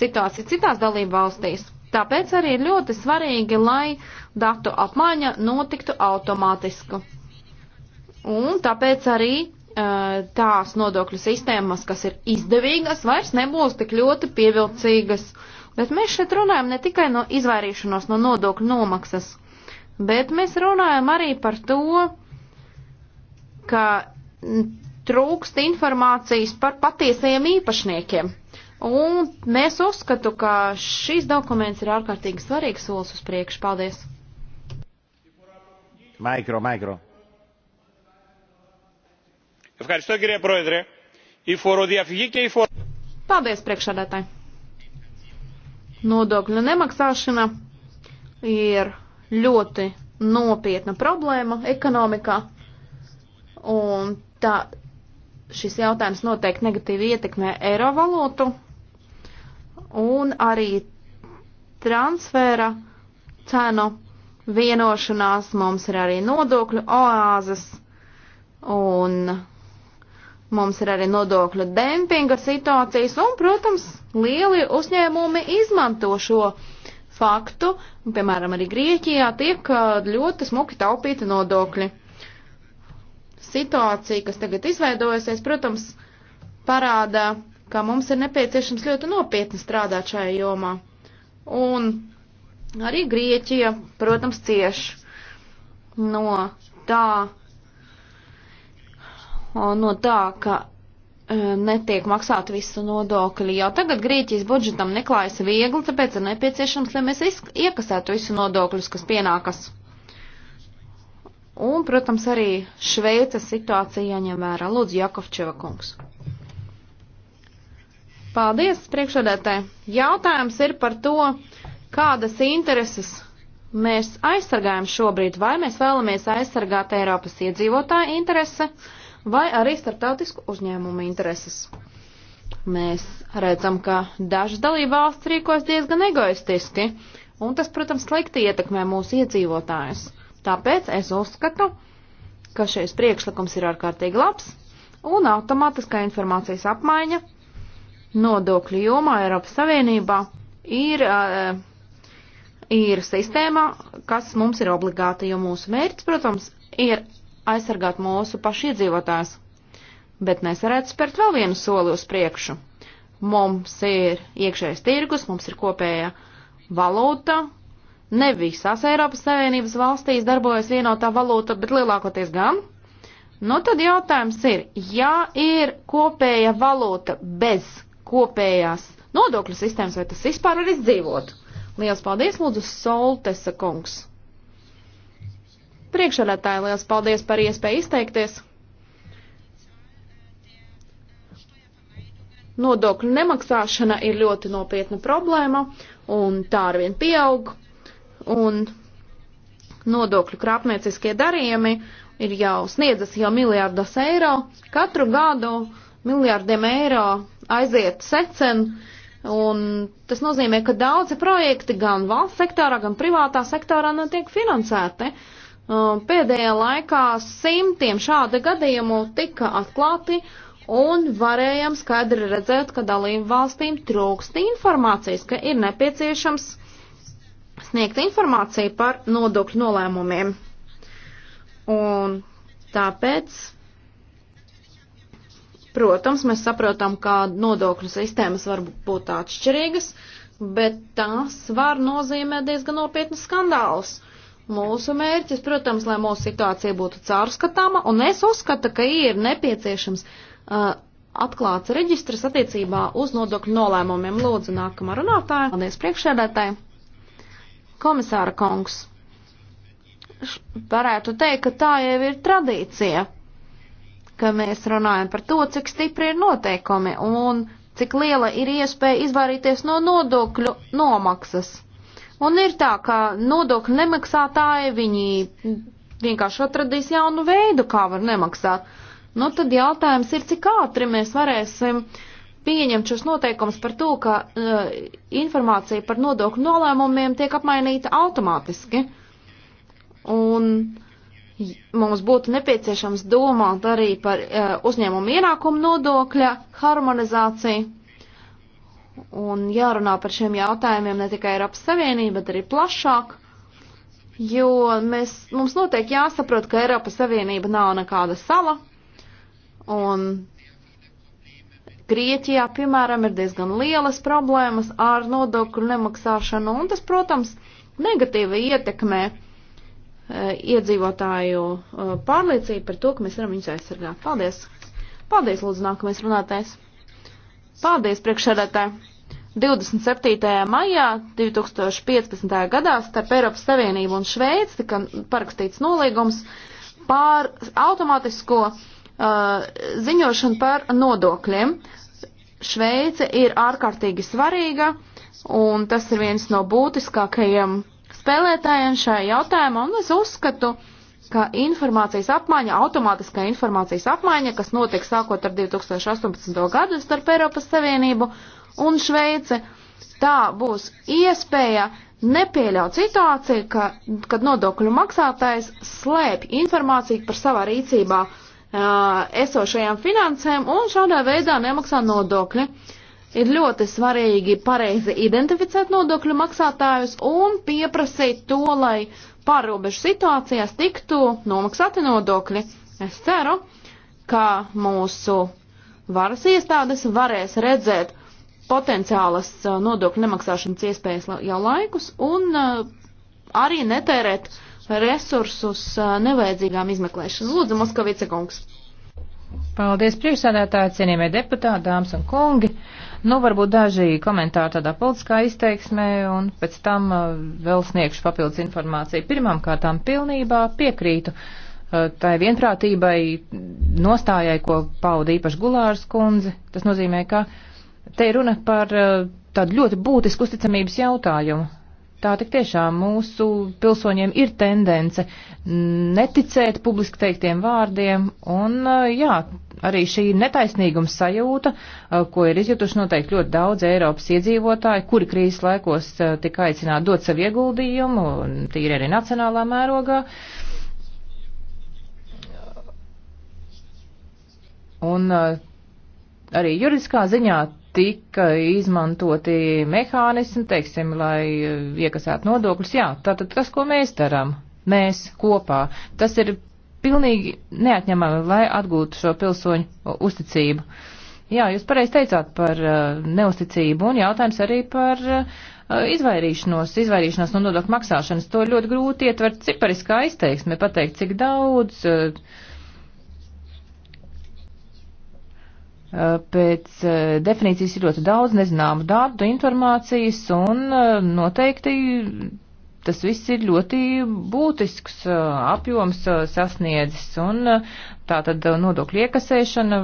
situāciju citās dalību valstīs. Tāpēc arī ir ļoti svarīgi, lai datu apmaiņa notiktu automātisku. Un tāpēc arī tās nodokļu sistēmas, kas ir izdevīgas, vairs nebūs tik ļoti pievilcīgas. Bet mēs šeit runājam ne tikai no izvairīšanos no nodokļu nomaksas, bet mēs runājam arī par to, ka trūkst informācijas par patiesajiem īpašniekiem. Un mēs uzskatu, ka šīs dokuments ir ārkārtīgi svarīgs solis uz priekšu. Paldies! Maikro, maikro. Ευχαριστώ κύριε Πρόεδρε. Η φοροδιαφυγή και η φορο... Paldies, priekšsādātāji. Nodokļu nemaksāšana ir ļoti nopietna problēma ekonomikā, un tā, šis jautājums noteikti negatīvi ietekmē eiro valūtu un arī transfēra cenu vienošanās. Mums ir arī nodokļu oāzes un Mums ir arī nodokļu dempinga situācijas, un, protams, lieli uzņēmumi izmanto šo faktu, un, piemēram, arī Grieķijā tiek uh, ļoti smuki taupīti nodokļi. Situācija, kas tagad izveidojusies, protams, parāda, ka mums ir nepieciešams ļoti nopietni strādāt šajā jomā. Un arī Grieķija, protams, cieš no tā no tā, ka e, netiek maksāt visu nodokļi. Jau tagad Grieķijas budžetam neklājas viegli, tāpēc ir nepieciešams, lai mēs iekasētu visu nodokļus, kas pienākas. Un, protams, arī Šveices situācija jāņem vērā. Lūdzu, Jakovčeva kungs. Paldies, priekšsēdētāji. Jautājums ir par to, kādas intereses mēs aizsargājam šobrīd, vai mēs vēlamies aizsargāt Eiropas iedzīvotāju interesi vai arī starptautisku uzņēmumu intereses. Mēs redzam, ka dažas dalībvalsts rīkojas diezgan egoistiski, un tas, protams, slikti ietekmē mūsu iedzīvotājus. Tāpēc es uzskatu, ka šis priekšlikums ir ārkārtīgi labs, un automātiskā informācijas apmaiņa nodokļu jomā Eiropas Savienībā ir, eh, ir sistēma, kas mums ir obligāta, jo mūsu mērķis, protams, ir aizsargāt mūsu pašu iedzīvotājs. Bet mēs varētu spērt vēl vienu soli uz priekšu. Mums ir iekšējais tirgus, mums ir kopēja valūta. Ne visās Eiropas Savienības valstīs darbojas vienotā valūta, bet lielākoties gan. Nu tad jautājums ir, ja ir kopēja valūta bez kopējās nodokļu sistēmas, vai tas vispār ir izdzīvot? Lielas paldies, lūdzu, Soltesa kungs! Priekšsēdētāji, liels paldies par iespēju izteikties. Nodokļu nemaksāšana ir ļoti nopietna problēma, un tā arvien pieaug, un nodokļu krāpnieciskie darījumi ir jau sniedzas jau miljārdas eiro. Katru gadu miljārdiem eiro aiziet secen, un tas nozīmē, ka daudzi projekti gan valsts sektorā, gan privātā sektorā netiek finansēti. Uh, Um, pēdējā laikā simtiem šādu gadījumu tika atklāti un varējām skaidri redzēt, ka dalību valstīm trūkst informācijas, ka ir nepieciešams sniegt informāciju par nodokļu nolēmumiem. Un tāpēc, protams, mēs saprotam, ka nodokļu sistēmas var būt atšķirīgas, bet tās var nozīmēt diezgan nopietnas skandālus. Mūsu mērķis, protams, lai mūsu situācija būtu caurskatāma, un es uzskatu, ka ir nepieciešams uh, atklāts reģistrs attiecībā uz nodokļu nolēmumiem. Lūdzu, nākamā runātāja. Paldies priekšēdētāji. Komisāra kungs. Varētu teikt, ka tā jau ir tradīcija, ka mēs runājam par to, cik stipri ir noteikumi un cik liela ir iespēja izvairīties no nodokļu nomaksas. Un ir tā, ka nodokļu nemaksātāji, viņi vienkārši atradīs jaunu veidu, kā var nemaksāt. Nu, tad jautājums ir, cik ātri mēs varēsim pieņemt šos noteikumus par to, ka uh, informācija par nodokļu nolēmumiem tiek apmainīta automātiski. Un mums būtu nepieciešams domāt arī par uh, uzņēmumu ienākumu nodokļa harmonizāciju un jārunā par šiem jautājumiem ne tikai Eiropas Savienība, bet arī plašāk, jo mēs, mums noteikti jāsaprot, ka Eiropas Savienība nav nekāda sala, un Grieķijā, piemēram, ir diezgan lielas problēmas ar nodokļu nemaksāšanu, un tas, protams, negatīvi ietekmē e, iedzīvotāju e, pārliecību par to, ka mēs varam viņus aizsargāt. Paldies! Paldies, lūdzu, nākamais runātais! Paldies, priekšsēdētāji! 27. maijā 2015. gadā starp Eiropas Savienību un Šveici tika parakstīts nolīgums pār automātisko uh, ziņošanu par nodokļiem. Šveice ir ārkārtīgi svarīga, un tas ir viens no būtiskākajiem spēlētājiem šajā jautājumā, un es uzskatu, uh, ka informācijas apmaiņa, automātiskā informācijas apmaiņa, kas notiek sākot ar 2018. gadu starp Eiropas Savienību un Šveici, tā būs iespēja nepieļaut situāciju, ka, kad nodokļu maksātājs slēpj informāciju par savā rīcībā uh, esošajām finansēm un šādā veidā nemaksā nodokļi. Ir ļoti svarīgi pareizi identificēt nodokļu maksātājus un pieprasīt to, lai uh, pārrobežu situācijās tiktu nomaksāti nodokļi. Es ceru, ka mūsu varas iestādes varēs redzēt potenciālas uh, nodokļu nemaksāšanas iespējas jau laikus un uh, arī netērēt resursus uh, nevajadzīgām izmeklēšanas. Lūdzu, Moskavice kungs. Paldies, priekšsādātāji, cienījamie deputāti, dāmas un kungi. Uh, Nu, varbūt daži komentāri tādā politiskā izteiksmē un pēc tam uh, vēl sniegšu papildus informāciju. Pirmām kārtām pilnībā piekrītu uh, tai vienprātībai nostājai, ko pauda īpaši Gulārs kundze. Tas nozīmē, ka te ir runa par uh, tādu ļoti būtisku uzticamības jautājumu Tā tik tiešām mūsu pilsoņiem ir tendence neticēt publiski teiktiem vārdiem, un eh, jā, arī šī netaisnīguma sajūta, eh, ko ir izjutuši noteikti ļoti daudz Eiropas iedzīvotāji, kuri krīzes laikos eh, tika aicināti dot savu ieguldījumu, tīri arī nacionālā mērogā. Un arī juridiskā ziņā tika izmantoti mehānismi, teiksim, lai uh, iekasētu nodokļus. Jā, tātad tas, ko mēs darām, mēs kopā, tas ir pilnīgi neatņemami, lai atgūtu šo pilsoņu uzticību. Jā, jūs pareizi teicāt par uh, neusticību un jautājums arī par uh, izvairīšanos, izvairīšanos no nodokļu maksāšanas. To ļoti grūti ietvert cipariskā izteiksme, pateikt, cik daudz. Uh, Eh, pēc eh, definīcijas ir ļoti daudz nezināmu datu, informācijas un eh, noteikti tas viss ir ļoti būtisks apjoms sasniedzis un tā tad nodokļu iekasēšana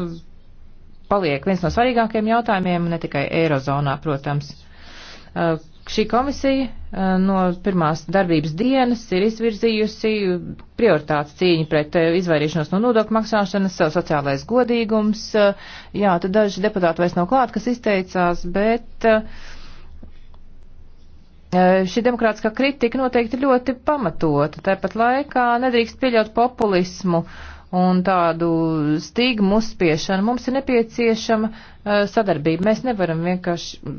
paliek viens no svarīgākajiem jautājumiem ne tikai Eirozonā, protams. Šī komisija eh, no pirmās darbības dienas ir izvirzījusi prioritātes cīņu pret eh, izvairīšanos no nodokļu maksāšanas, sociālais godīgums. Eh, jā, tad daži deputāti vairs nav klāt, kas izteicās, bet šī demokrātiskā kritika noteikti ļoti pamatota. Tāpat laikā nedrīkst pieļaut populismu un tādu stīgu uzspiešanu. Mums ir nepieciešama sadarbība. Mēs nevaram vienkārši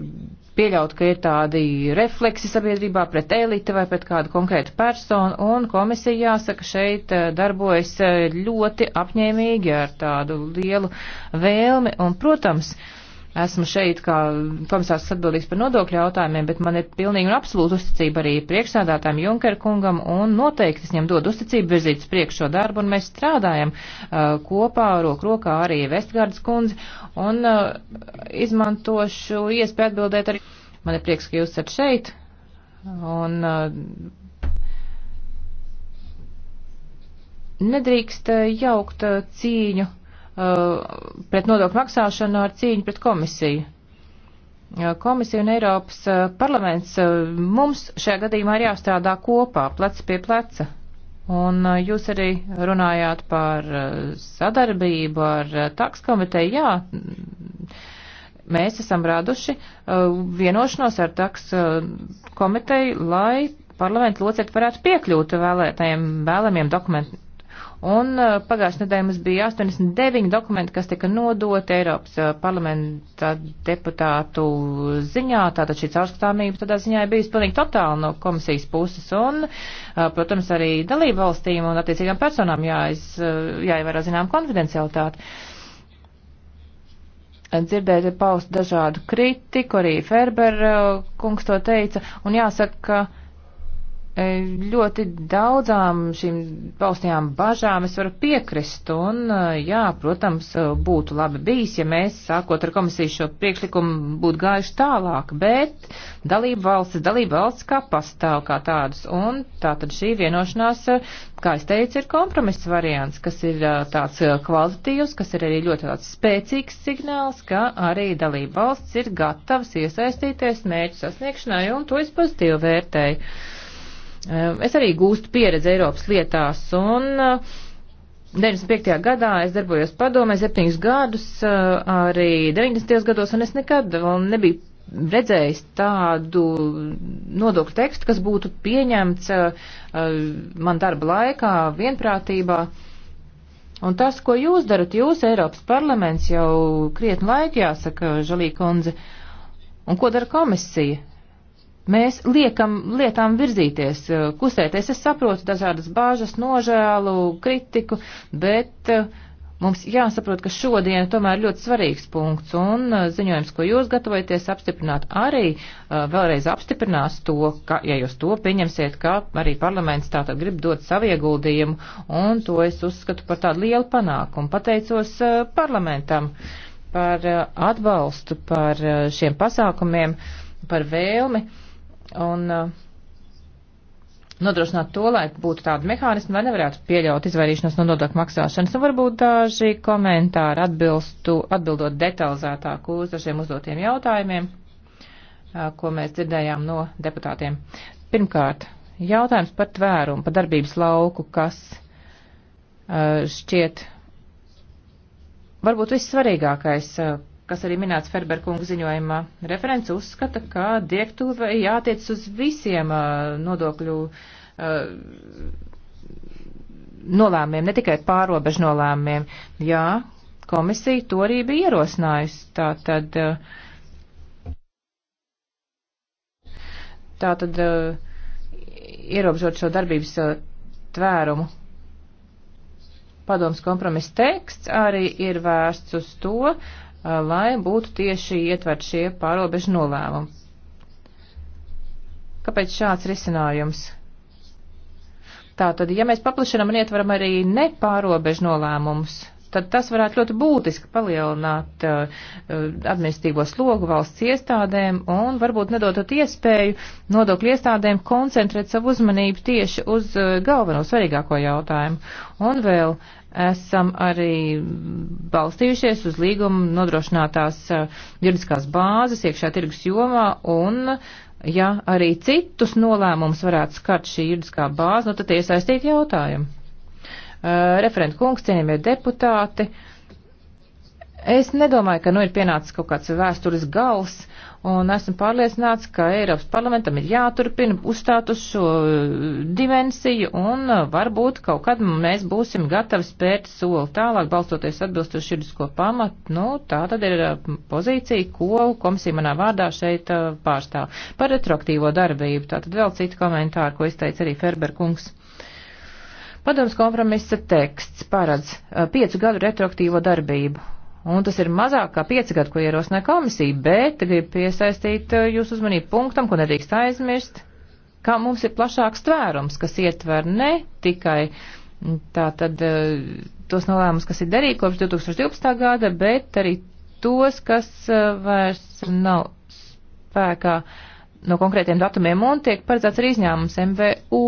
pieļaut, ka ir tādi refleksi sabiedrībā pret elite vai pret kādu konkrētu personu, un komisija, jāsaka, šeit eh, darbojas eh, ļoti apņēmīgi ar tādu lielu vēlmi, un, protams, uh, esmu šeit kā komisārs atbildīgs par nodokļu jautājumiem, bet man ir pilnīgi un absolūta uzticība arī priekšsādātājiem Junker kungam un noteikti es viņam dodu uzticību virzīt uz priekšo darbu un mēs strādājam uh, kopā roku rokā arī Vestgārdas kundzi un uh, izmantošu iespēju atbildēt arī. Man ir prieks, ka jūs esat šeit un uh, nedrīkst uh, jaukt uh, cīņu Uh, pret nodokļu maksāšanu ar cīņu pret komisiju. Uh, komisija un Eiropas uh, parlaments mums šajā gadījumā ir jāstrādā kopā, plec pie pleca. Un jūs arī runājāt par sadarbību ar taks komiteju. Jā, mēs esam raduši vienošanos ar taks komiteju, lai parlamenta locekļi varētu piekļūt vēlētajiem vēlamiem dokumentiem Un eh, pagājušajā nedēļā mums bija 89 dokumenti, kas tika nodoti Eiropas eh, parlamenta deputātu ziņā. Tātad šī caurskatāmība tādā ziņā ir bijusi pilnīgi totāla no komisijas puses. Un, eh, protams, arī dalību valstīm un attiecīgām personām jāiz, jāievērā zinām konfidencialitāti dzirdēt paust dažādu kritiku, arī Ferber kungs to teica, un jāsaka, ka E, ļoti daudzām šīm paustajām bažām es varu piekrist, un e, jā, protams, e, būtu labi bijis, ja mēs, sākot ar komisiju šo priekšlikumu, būtu gājuši tālāk, bet dalība valsts, dalība valsts kā pastāv kā tādas, un tātad šī vienošanās, kā es teicu, ir kompromiss variants, kas ir tāds kvalitatīvs, kas ir arī ļoti tāds spēcīgs signāls, ka arī dalība valsts ir gatavs iesaistīties mērķu sasniegšanai, un to es pozitīvi vērtēju. Eh, es arī gūstu pieredzi Eiropas lietās un 95. Eh, gadā es darbojos padomē septiņus gadus, eh, arī 90. gados, un es nekad vēl nebiju redzējis tādu nodokļu tekstu, kas būtu pieņemts man darba laikā vienprātībā. Un tas, ko jūs darat, jūs Eiropas parlaments jau krietni laiki jāsaka, Žalī kundze, un ko dara komisija? Mēs liekam lietām virzīties, eh, kustēties. Es saprotu dažādas bāžas, nožēlu, kritiku, bet eh, mums jāsaprot, ka šodien tomēr ļoti svarīgs punkts un eh, ziņojums, ko jūs gatavojaties apstiprināt, arī vēlreiz apstiprinās to, ka, ja jūs to pieņemsiet, ka arī parlaments tātad grib dot savu ieguldījumu un to es uzskatu par tādu lielu panākumu. Pateicos parlamentam par atbalstu, par šiem pasākumiem, par vēlmi un uh, nodrošināt to, lai būtu tādi mehānismi, lai nevarētu pieļaut izvairīšanos no nodokļu maksāšanas. Un varbūt daži komentāri atbilstu, atbildot detalizētāk uz dažiem uzdotiem jautājumiem, uh, ko mēs dzirdējām no deputātiem. Pirmkārt, jautājums par tvērumu, par darbības lauku, kas uh, šķiet varbūt vissvarīgākais kas arī minēts Ferberkunga ziņojumā. Referents uzskata, ka direktīva jātiec uz visiem uh, nodokļu uh, nolēmiem, ne tikai pārobežu nolēmiem. Jā, komisija to arī bija ierosinājusi. Tā tad, uh, tā tad ierobežot šo darbības tvērumu. Padoms kompromisa teksts arī ir vērsts uz to, uh, Uh, lai būtu tieši ietvert šie pārobežu nolēmumi. Kāpēc šāds risinājums? Tātad, ja mēs paplašinam un ietveram arī nepārobežu nolēmumus, tad tas varētu ļoti būtiski palielināt uh, uh administratīvo slogu valsts iestādēm un varbūt nedotot iespēju nodokļu iestādēm koncentrēt savu uzmanību tieši uz uh, galveno svarīgāko jautājumu. Un vēl uh, esam arī balstījušies uz līgumu nodrošinātās juridiskās bāzes iekšā tirgus jomā un, ja arī citus nolēmumus varētu skart šī juridiskā bāze, nu tad iesaistīt jautājumu. Referent kungs, cienījamie deputāti, es nedomāju, ka nu ir pienācis kaut kāds vēstures gals Un esmu pārliecināts, ka Eiropas parlamentam ir jāturpina uzstāt uz šo uh, dimensiju un uh, varbūt kaut kad mēs būsim gatavi spērt soli tālāk, balstoties atbilst uz širdisko pamatu. Nu, tā tad ir uh, pozīcija, ko komisija manā vārdā šeit pārstāv. Par retroaktīvo darbību. Tā tad vēl citu komentāru, ko izteica arī Ferberkungs. Padoms kompromisa teksts paredz piecu gadu retroaktīvo darbību un tas ir mazāk kā pieci gadi, ko ierosināja komisija, bet gribu piesaistīt eh, jūsu uzmanību punktam, ko nedrīkst aizmirst, ka mums ir plašāks tvērums, kas ietver ne tikai mm, tā tad eh, tos nolēmumus, kas ir darīti kopš 2012. gada, bet arī tos, kas eh, vairs nav spēkā no konkrētiem datumiem un tiek paredzēts arī izņēmums MVU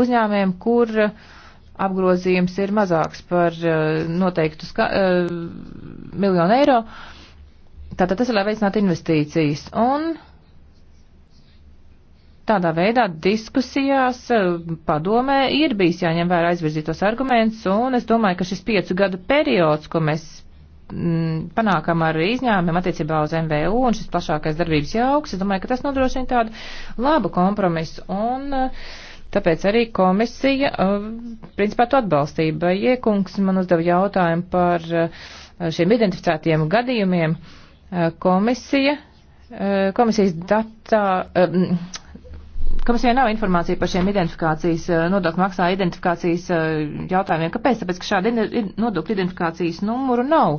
uzņēmējiem, kur uh, apgrozījums ir mazāks par eh, noteiktu ska, eh, miljonu eiro. Tātad tas ir, lai veicinātu investīcijas. Un tādā veidā diskusijās eh, padomē ir bijis jāņem vērā aizvirzītos argumentus, un es domāju, ka šis piecu gadu periods, ko mēs mm, panākam ar izņēmumiem attiecībā uz MVU un šis plašākais darbības jauks, es domāju, ka tas nodrošina tādu labu kompromisu. Un, uh, Tāpēc arī komisija, uh, principā, to atbalstība. Iekungs man uzdeva jautājumu par uh, šiem identificētiem gadījumiem. Uh, komisija, komisijas datā, um, komisija nav informācija par šiem identifikācijas, nodokļu maksā identifikācijas jautājumiem. Kāpēc? Tāpēc, ka šāda nodokļu identifikācijas numuru nav.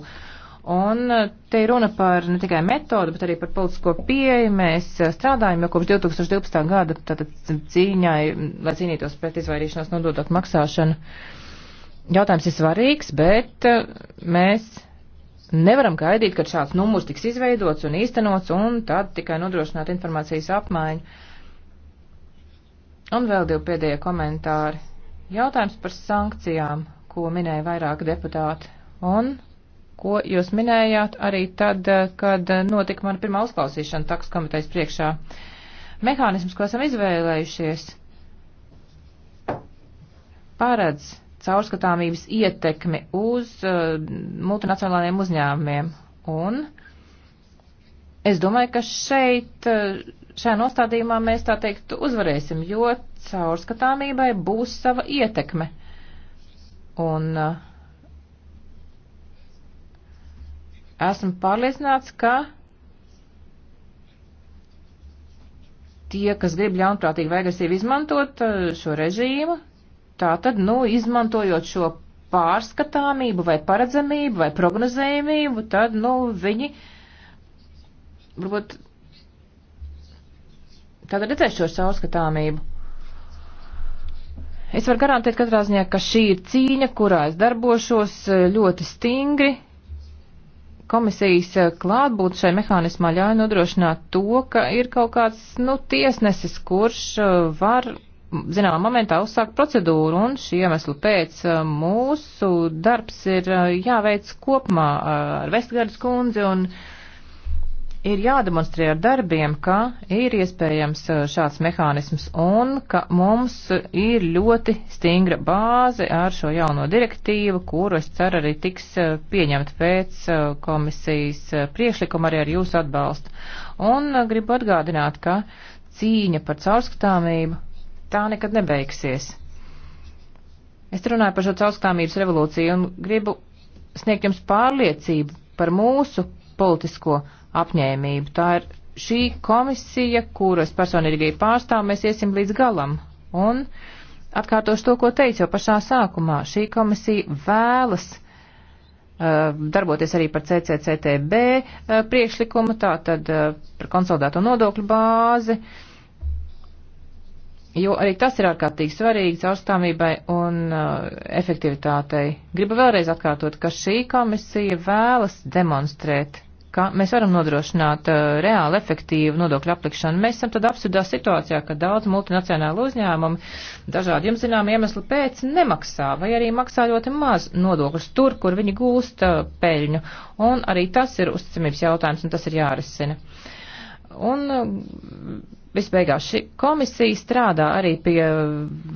Un eh, te ir runa par ne tikai metodu, bet arī par politisko pieeju. Mēs eh, strādājam jau kopš 2012. gada tātad cīņai, lai cīnītos pret izvairīšanos nododot maksāšanu. Jautājums ir svarīgs, bet eh, mēs nevaram gaidīt, kad šāds numurs tiks izveidots un īstenots un tad tikai nodrošināt informācijas apmaiņu. Un vēl divi pēdējie komentāri. Jautājums par sankcijām, ko minēja vairāki deputāti. Un ko jūs minējāt arī tad, eh, kad eh, notika mana pirmā uzklausīšana taks komitejas priekšā. Mehānisms, ko esam izvēlējušies, paredz caurskatāmības ietekmi uz uh, multinacionālajiem uzņēmumiem. Un es domāju, ka šeit, šajā nostādījumā mēs tā teikt uzvarēsim, jo caurskatāmībai būs sava ietekme. Un uh, Esmu pārliecināts, ka tie, kas grib ļaunprātīgi vai agresīvi izmantot eh, šo režīmu, tā tad, nu, izmantojot šo pārskatāmību vai paredzamību vai prognozējumību, tad, nu, viņi varbūt tātad redzēs šo caurskatāmību. Es varu garantēt katrā ziņā, ka šī ir cīņa, kurā es darbošos eh, ļoti stingri, komisijas eh, klātbūt šai mehānismā ļauj nodrošināt to, ka ir kaut kāds, nu, tiesnesis, kurš eh, var, zināmā momentā, uzsākt procedūru, un šī iemesla pēc eh, mūsu darbs ir jāveic kopumā ar Vestgardas kundzi un uh, ir jādemonstrē ar darbiem, ka ir iespējams uh, šāds mehānisms un ka mums ir ļoti stingra bāze ar šo jauno direktīvu, kuru es ceru arī tiks uh, pieņemta pēc uh, komisijas priekšlikuma arī ar jūsu atbalstu. Un gribu atgādināt, ka cīņa par caurskatāmību tā nekad nebeigsies. Es runāju par šo caurskatāmības revolūciju un gribu sniegt jums pārliecību par mūsu politisko apņēmību. Tā ir šī komisija, kuras personīgi pārstāv, mēs iesim līdz galam. Un atkārtošu to, ko teicu jau pašā sākumā. Šī komisija vēlas uh, darboties arī par CCCTB uh, priekšlikumu, tātad uh, par konsolidēto nodokļu bāzi, jo arī tas ir ārkārtīgi svarīgi caurstāmībai un efektivitātei. Gribu vēlreiz atkārtot, ka šī komisija vēlas demonstrēt ka mēs varam nodrošināt uh, reāli efektīvu nodokļu aplikšanu. Mēs esam tad absurdā situācijā, ka daudz multinacionālu uzņēmumu dažādi jums zinām iemeslu pēc nemaksā vai arī maksā ļoti maz nodokļus tur, kur viņi gūst uh, peļņu. Un arī tas ir uzticamības jautājums un tas ir jārisina. Un uh, Visbeigās šī komisija strādā arī pie eh,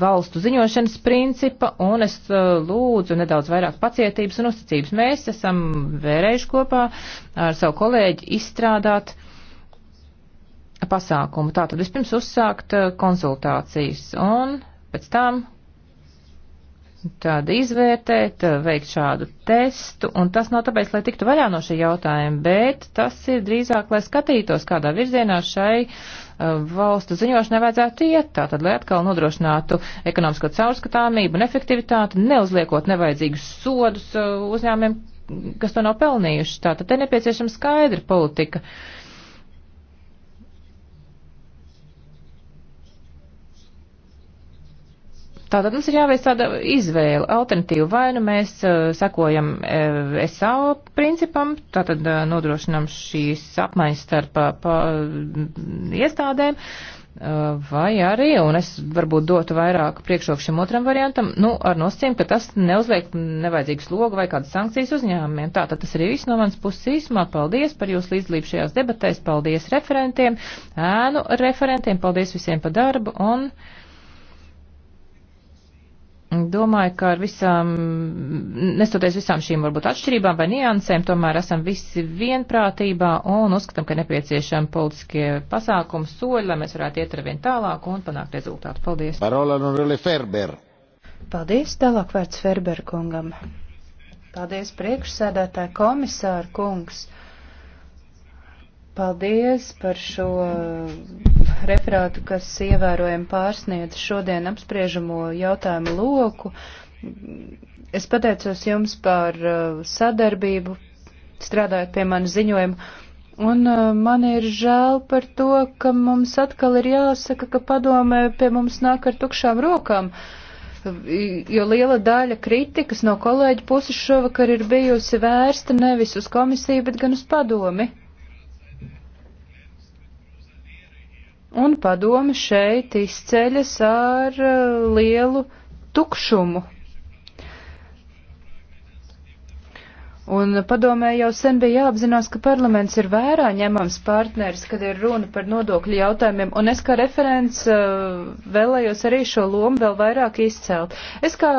valstu ziņošanas principa, un es eh, lūdzu nedaudz vairāk pacietības un uzticības. Mēs esam vērējuši kopā ar savu kolēģi izstrādāt pasākumu. Tātad vispirms uzsākt eh, konsultācijas, un pēc tam tad izvērtēt, eh, veikt šādu testu, un tas nav tāpēc, lai tiktu vaļā no šī jautājuma, bet tas ir drīzāk, lai skatītos, kādā virzienā šai uh, valstu ziņošanai vajadzētu iet, tātad, lai atkal nodrošinātu ekonomisko caurskatāmību un efektivitāti, neuzliekot nevajadzīgus sodus uh, eh, uzņēmumiem, kas to nav pelnījuši. Tātad te nepieciešama skaidra politika. Uh, Tātad mums ir jāveic tāda izvēle, alternatīva. Vai nu mēs uh, sekojam uh, SAO principam, tātad uh, nodrošinam šīs apmaiņas starp uh, pa, pa, uh, iestādēm, uh, vai arī, un es varbūt dotu vairāk priekšroku šim otram variantam, nu, ar nosacījumu, ka tas neuzliek nevajadzīgu slogu vai kādas sankcijas uzņēmumiem. Tātad tas arī viss no manas puses īsumā. Paldies par jūsu līdzdalību šajās debatēs, paldies referentiem, ēnu referentiem, paldies visiem par darbu un. Uh, Domāju, ka ar visām, nestoties visām šīm varbūt atšķirībām vai niansēm, tomēr esam visi vienprātībā un uzskatām, ka nepieciešami politiskie pasākumi, soļi, lai mēs varētu iet ar vien tālāk un panākt rezultātu. Paldies. Parola no Rele Ferber. Paldies, tālāk vērts Ferber kungam. Paldies, priekšsēdētāji komisāra kungs. Paldies par šo referātu, kas ievērojami pārsniedz šodien apspriežamo jautājumu loku. Es pateicos jums par uh, sadarbību, strādājot pie manas ziņojuma, un uh, man ir žēl par to, ka mums atkal ir jāsaka, ka padomē pie mums nāk ar tukšām rokām jo liela daļa kritikas no kolēģa puses šovakar ir bijusi vērsta nevis uz komisiju, bet gan uz padomi. un padomi šeit izceļas ar eh, lielu tukšumu. Un padomē jau sen bija jāapzinās, ka parlaments ir vērā ņemams partners, kad ir runa par nodokļu jautājumiem, un es kā referents eh, vēlējos arī šo lomu vēl vairāk izcelt. Es kā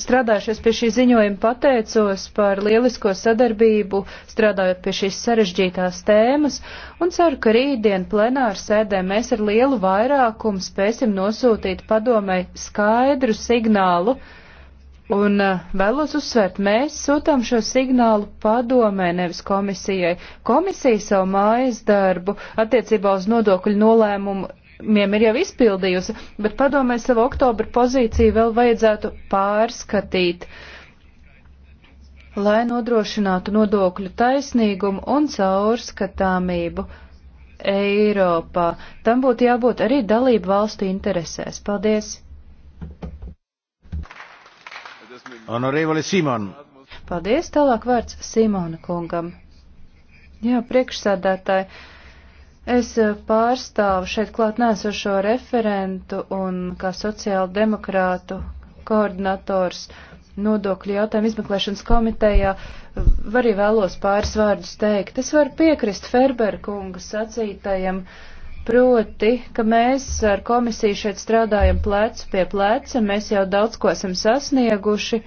strādājušies pie šī ziņojuma, pateicos par lielisko sadarbību, strādājot pie šīs sarežģītās tēmas, un ceru, ka rītdien plenāra sēdē mēs ar lielu vairākumu spēsim nosūtīt padomai skaidru signālu, un eh, vēlos uzsvērt, mēs sūtām šo signālu padomē, nevis komisijai. Komisija savu mājas darbu attiecībā uz nodokļu nolēmumu miem ir jau izpildījusi, bet padomē savu oktobra pozīciju vēl vajadzētu pārskatīt, lai nodrošinātu nodokļu taisnīgumu un caurskatāmību Eiropā. Tam būtu jābūt arī dalību valstu interesēs. Paldies! Honorevole Simon. Paldies, tālāk vārds Simona kungam. Jā, priekšsādātāji. Es eh, pārstāvu šeit klāt nēsošo referentu un kā sociāla demokrātu koordinators nodokļu jautājumu izmeklēšanas komitejā eh, arī vēlos pāris vārdus teikt. Es varu piekrist Ferberkunga sacītajam, proti, ka mēs ar komisiju šeit strādājam plecu pie pleca, mēs jau daudz ko esam sasnieguši,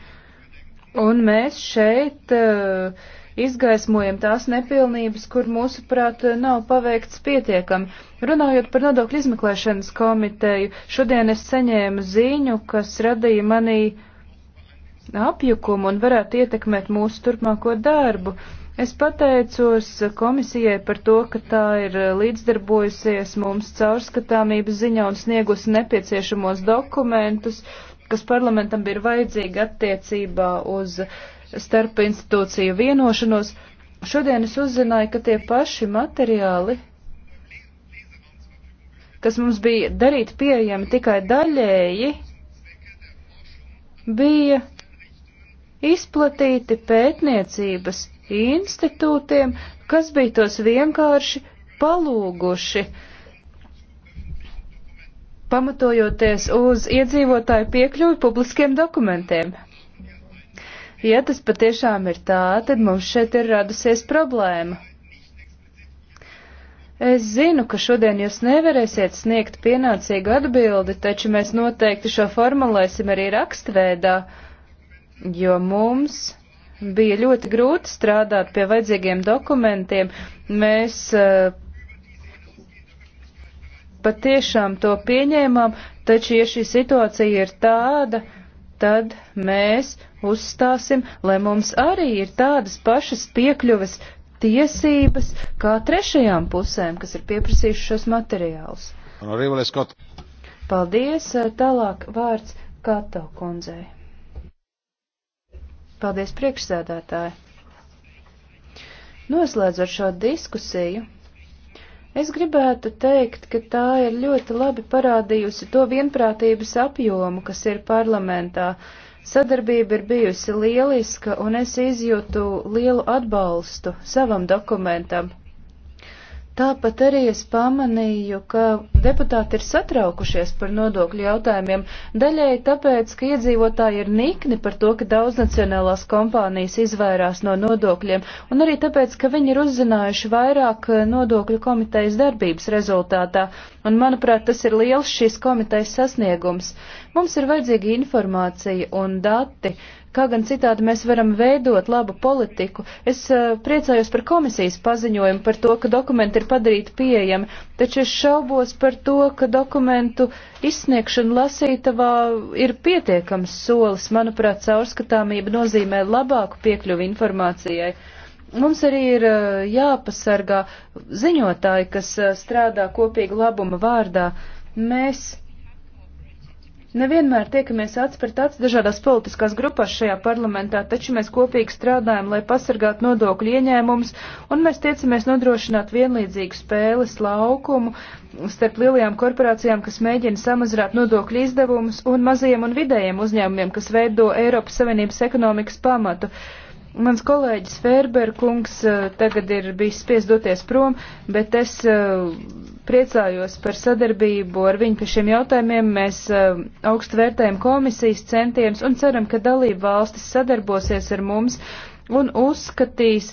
un mēs šeit uh, izgaismojam tās nepilnības, kur mūsuprāt eh, nav paveikts pietiekami. Runājot par nodokļu izmeklēšanas komiteju, šodien es saņēmu ziņu, kas radīja manī apjukumu un varētu ietekmēt mūsu turpmāko darbu. Es pateicos komisijai par to, ka tā ir eh, līdzdarbojusies mums caurskatāmības ziņā un sniegusi nepieciešamos dokumentus, kas parlamentam bija vajadzīgi attiecībā uz uh, starp institūciju vienošanos. Šodien es uzzināju, ka tie paši materiāli, kas mums bija darīt pieejami tikai daļēji, bija izplatīti pētniecības institūtiem, kas bija tos vienkārši palūguši, pamatojoties uz iedzīvotāju piekļuvi publiskiem dokumentiem. Ja tas patiešām ir tā, tad mums šeit ir radusies problēma. Es zinu, ka šodien jūs nevarēsiet sniegt pienācīgu atbildi, taču mēs noteikti šo formulēsim arī rakstveidā, jo mums bija ļoti grūti strādāt pie vajadzīgiem dokumentiem. Mēs uh, patiešām to pieņēmām, taču ja šī situācija ir tāda, tad mēs uzstāsim, lai mums arī ir tādas pašas piekļuves tiesības kā trešajām pusēm, kas ir pieprasījuši šos materiālus. Paldies, tālāk vārds Kato kundzei. Paldies priekšsēdētāji. Noslēdzot šo diskusiju, Es gribētu teikt, ka tā ir ļoti labi parādījusi to vienprātības apjomu, kas ir parlamentā. Sadarbība ir bijusi lieliska, un es izjūtu lielu atbalstu savam dokumentam. Tāpat arī es pamanīju, ka deputāti ir satraukušies par nodokļu jautājumiem, daļēji tāpēc, ka iedzīvotāji ir nikni par to, ka daudznacionālās kompānijas izvairās no nodokļiem, un arī tāpēc, ka viņi ir uzzinājuši vairāk eh, nodokļu komitejas darbības rezultātā, un manuprāt, tas ir liels šīs komitejas sasniegums. Mums ir vajadzīga informācija un dati, kā gan citādi mēs varam veidot labu politiku. Es uh, priecājos par komisijas paziņojumu par to, ka dokumenti ir padarīti pieejami, taču es šaubos par to, ka dokumentu izsniegšana lasītavā ir pietiekams solis. Manuprāt, caurskatāmība nozīmē labāku piekļuvi informācijai. Mums arī ir eh, jāpasargā ziņotāji, kas eh, strādā kopīgi labuma vārdā. Mēs Nevienmēr tiekamies acs pret acs dažādās politiskās grupās šajā parlamentā, taču mēs kopīgi strādājam, lai pasargātu nodokļu ieņēmumus, un mēs tiecamies nodrošināt vienlīdzīgu spēles laukumu starp lielajām korporācijām, kas mēģina samazināt nodokļu izdevumus, un mazajiem un vidējiem uzņēmumiem, kas veido Eiropas Savienības ekonomikas pamatu. Mans kolēģis Fērberkungs eh, tagad ir bijis spiest doties prom, bet es eh, priecājos par sadarbību ar viņu pie šiem jautājumiem. Mēs eh, augstu vērtējam komisijas centienus un ceram, ka dalība valstis sadarbosies ar mums un uzskatīs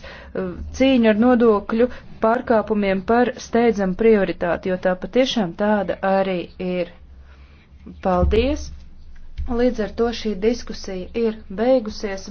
cīņu ar nodokļu pārkāpumiem par steidzam prioritāti, jo tā patiešām tāda arī ir. Paldies! Līdz ar to šī diskusija ir beigusies.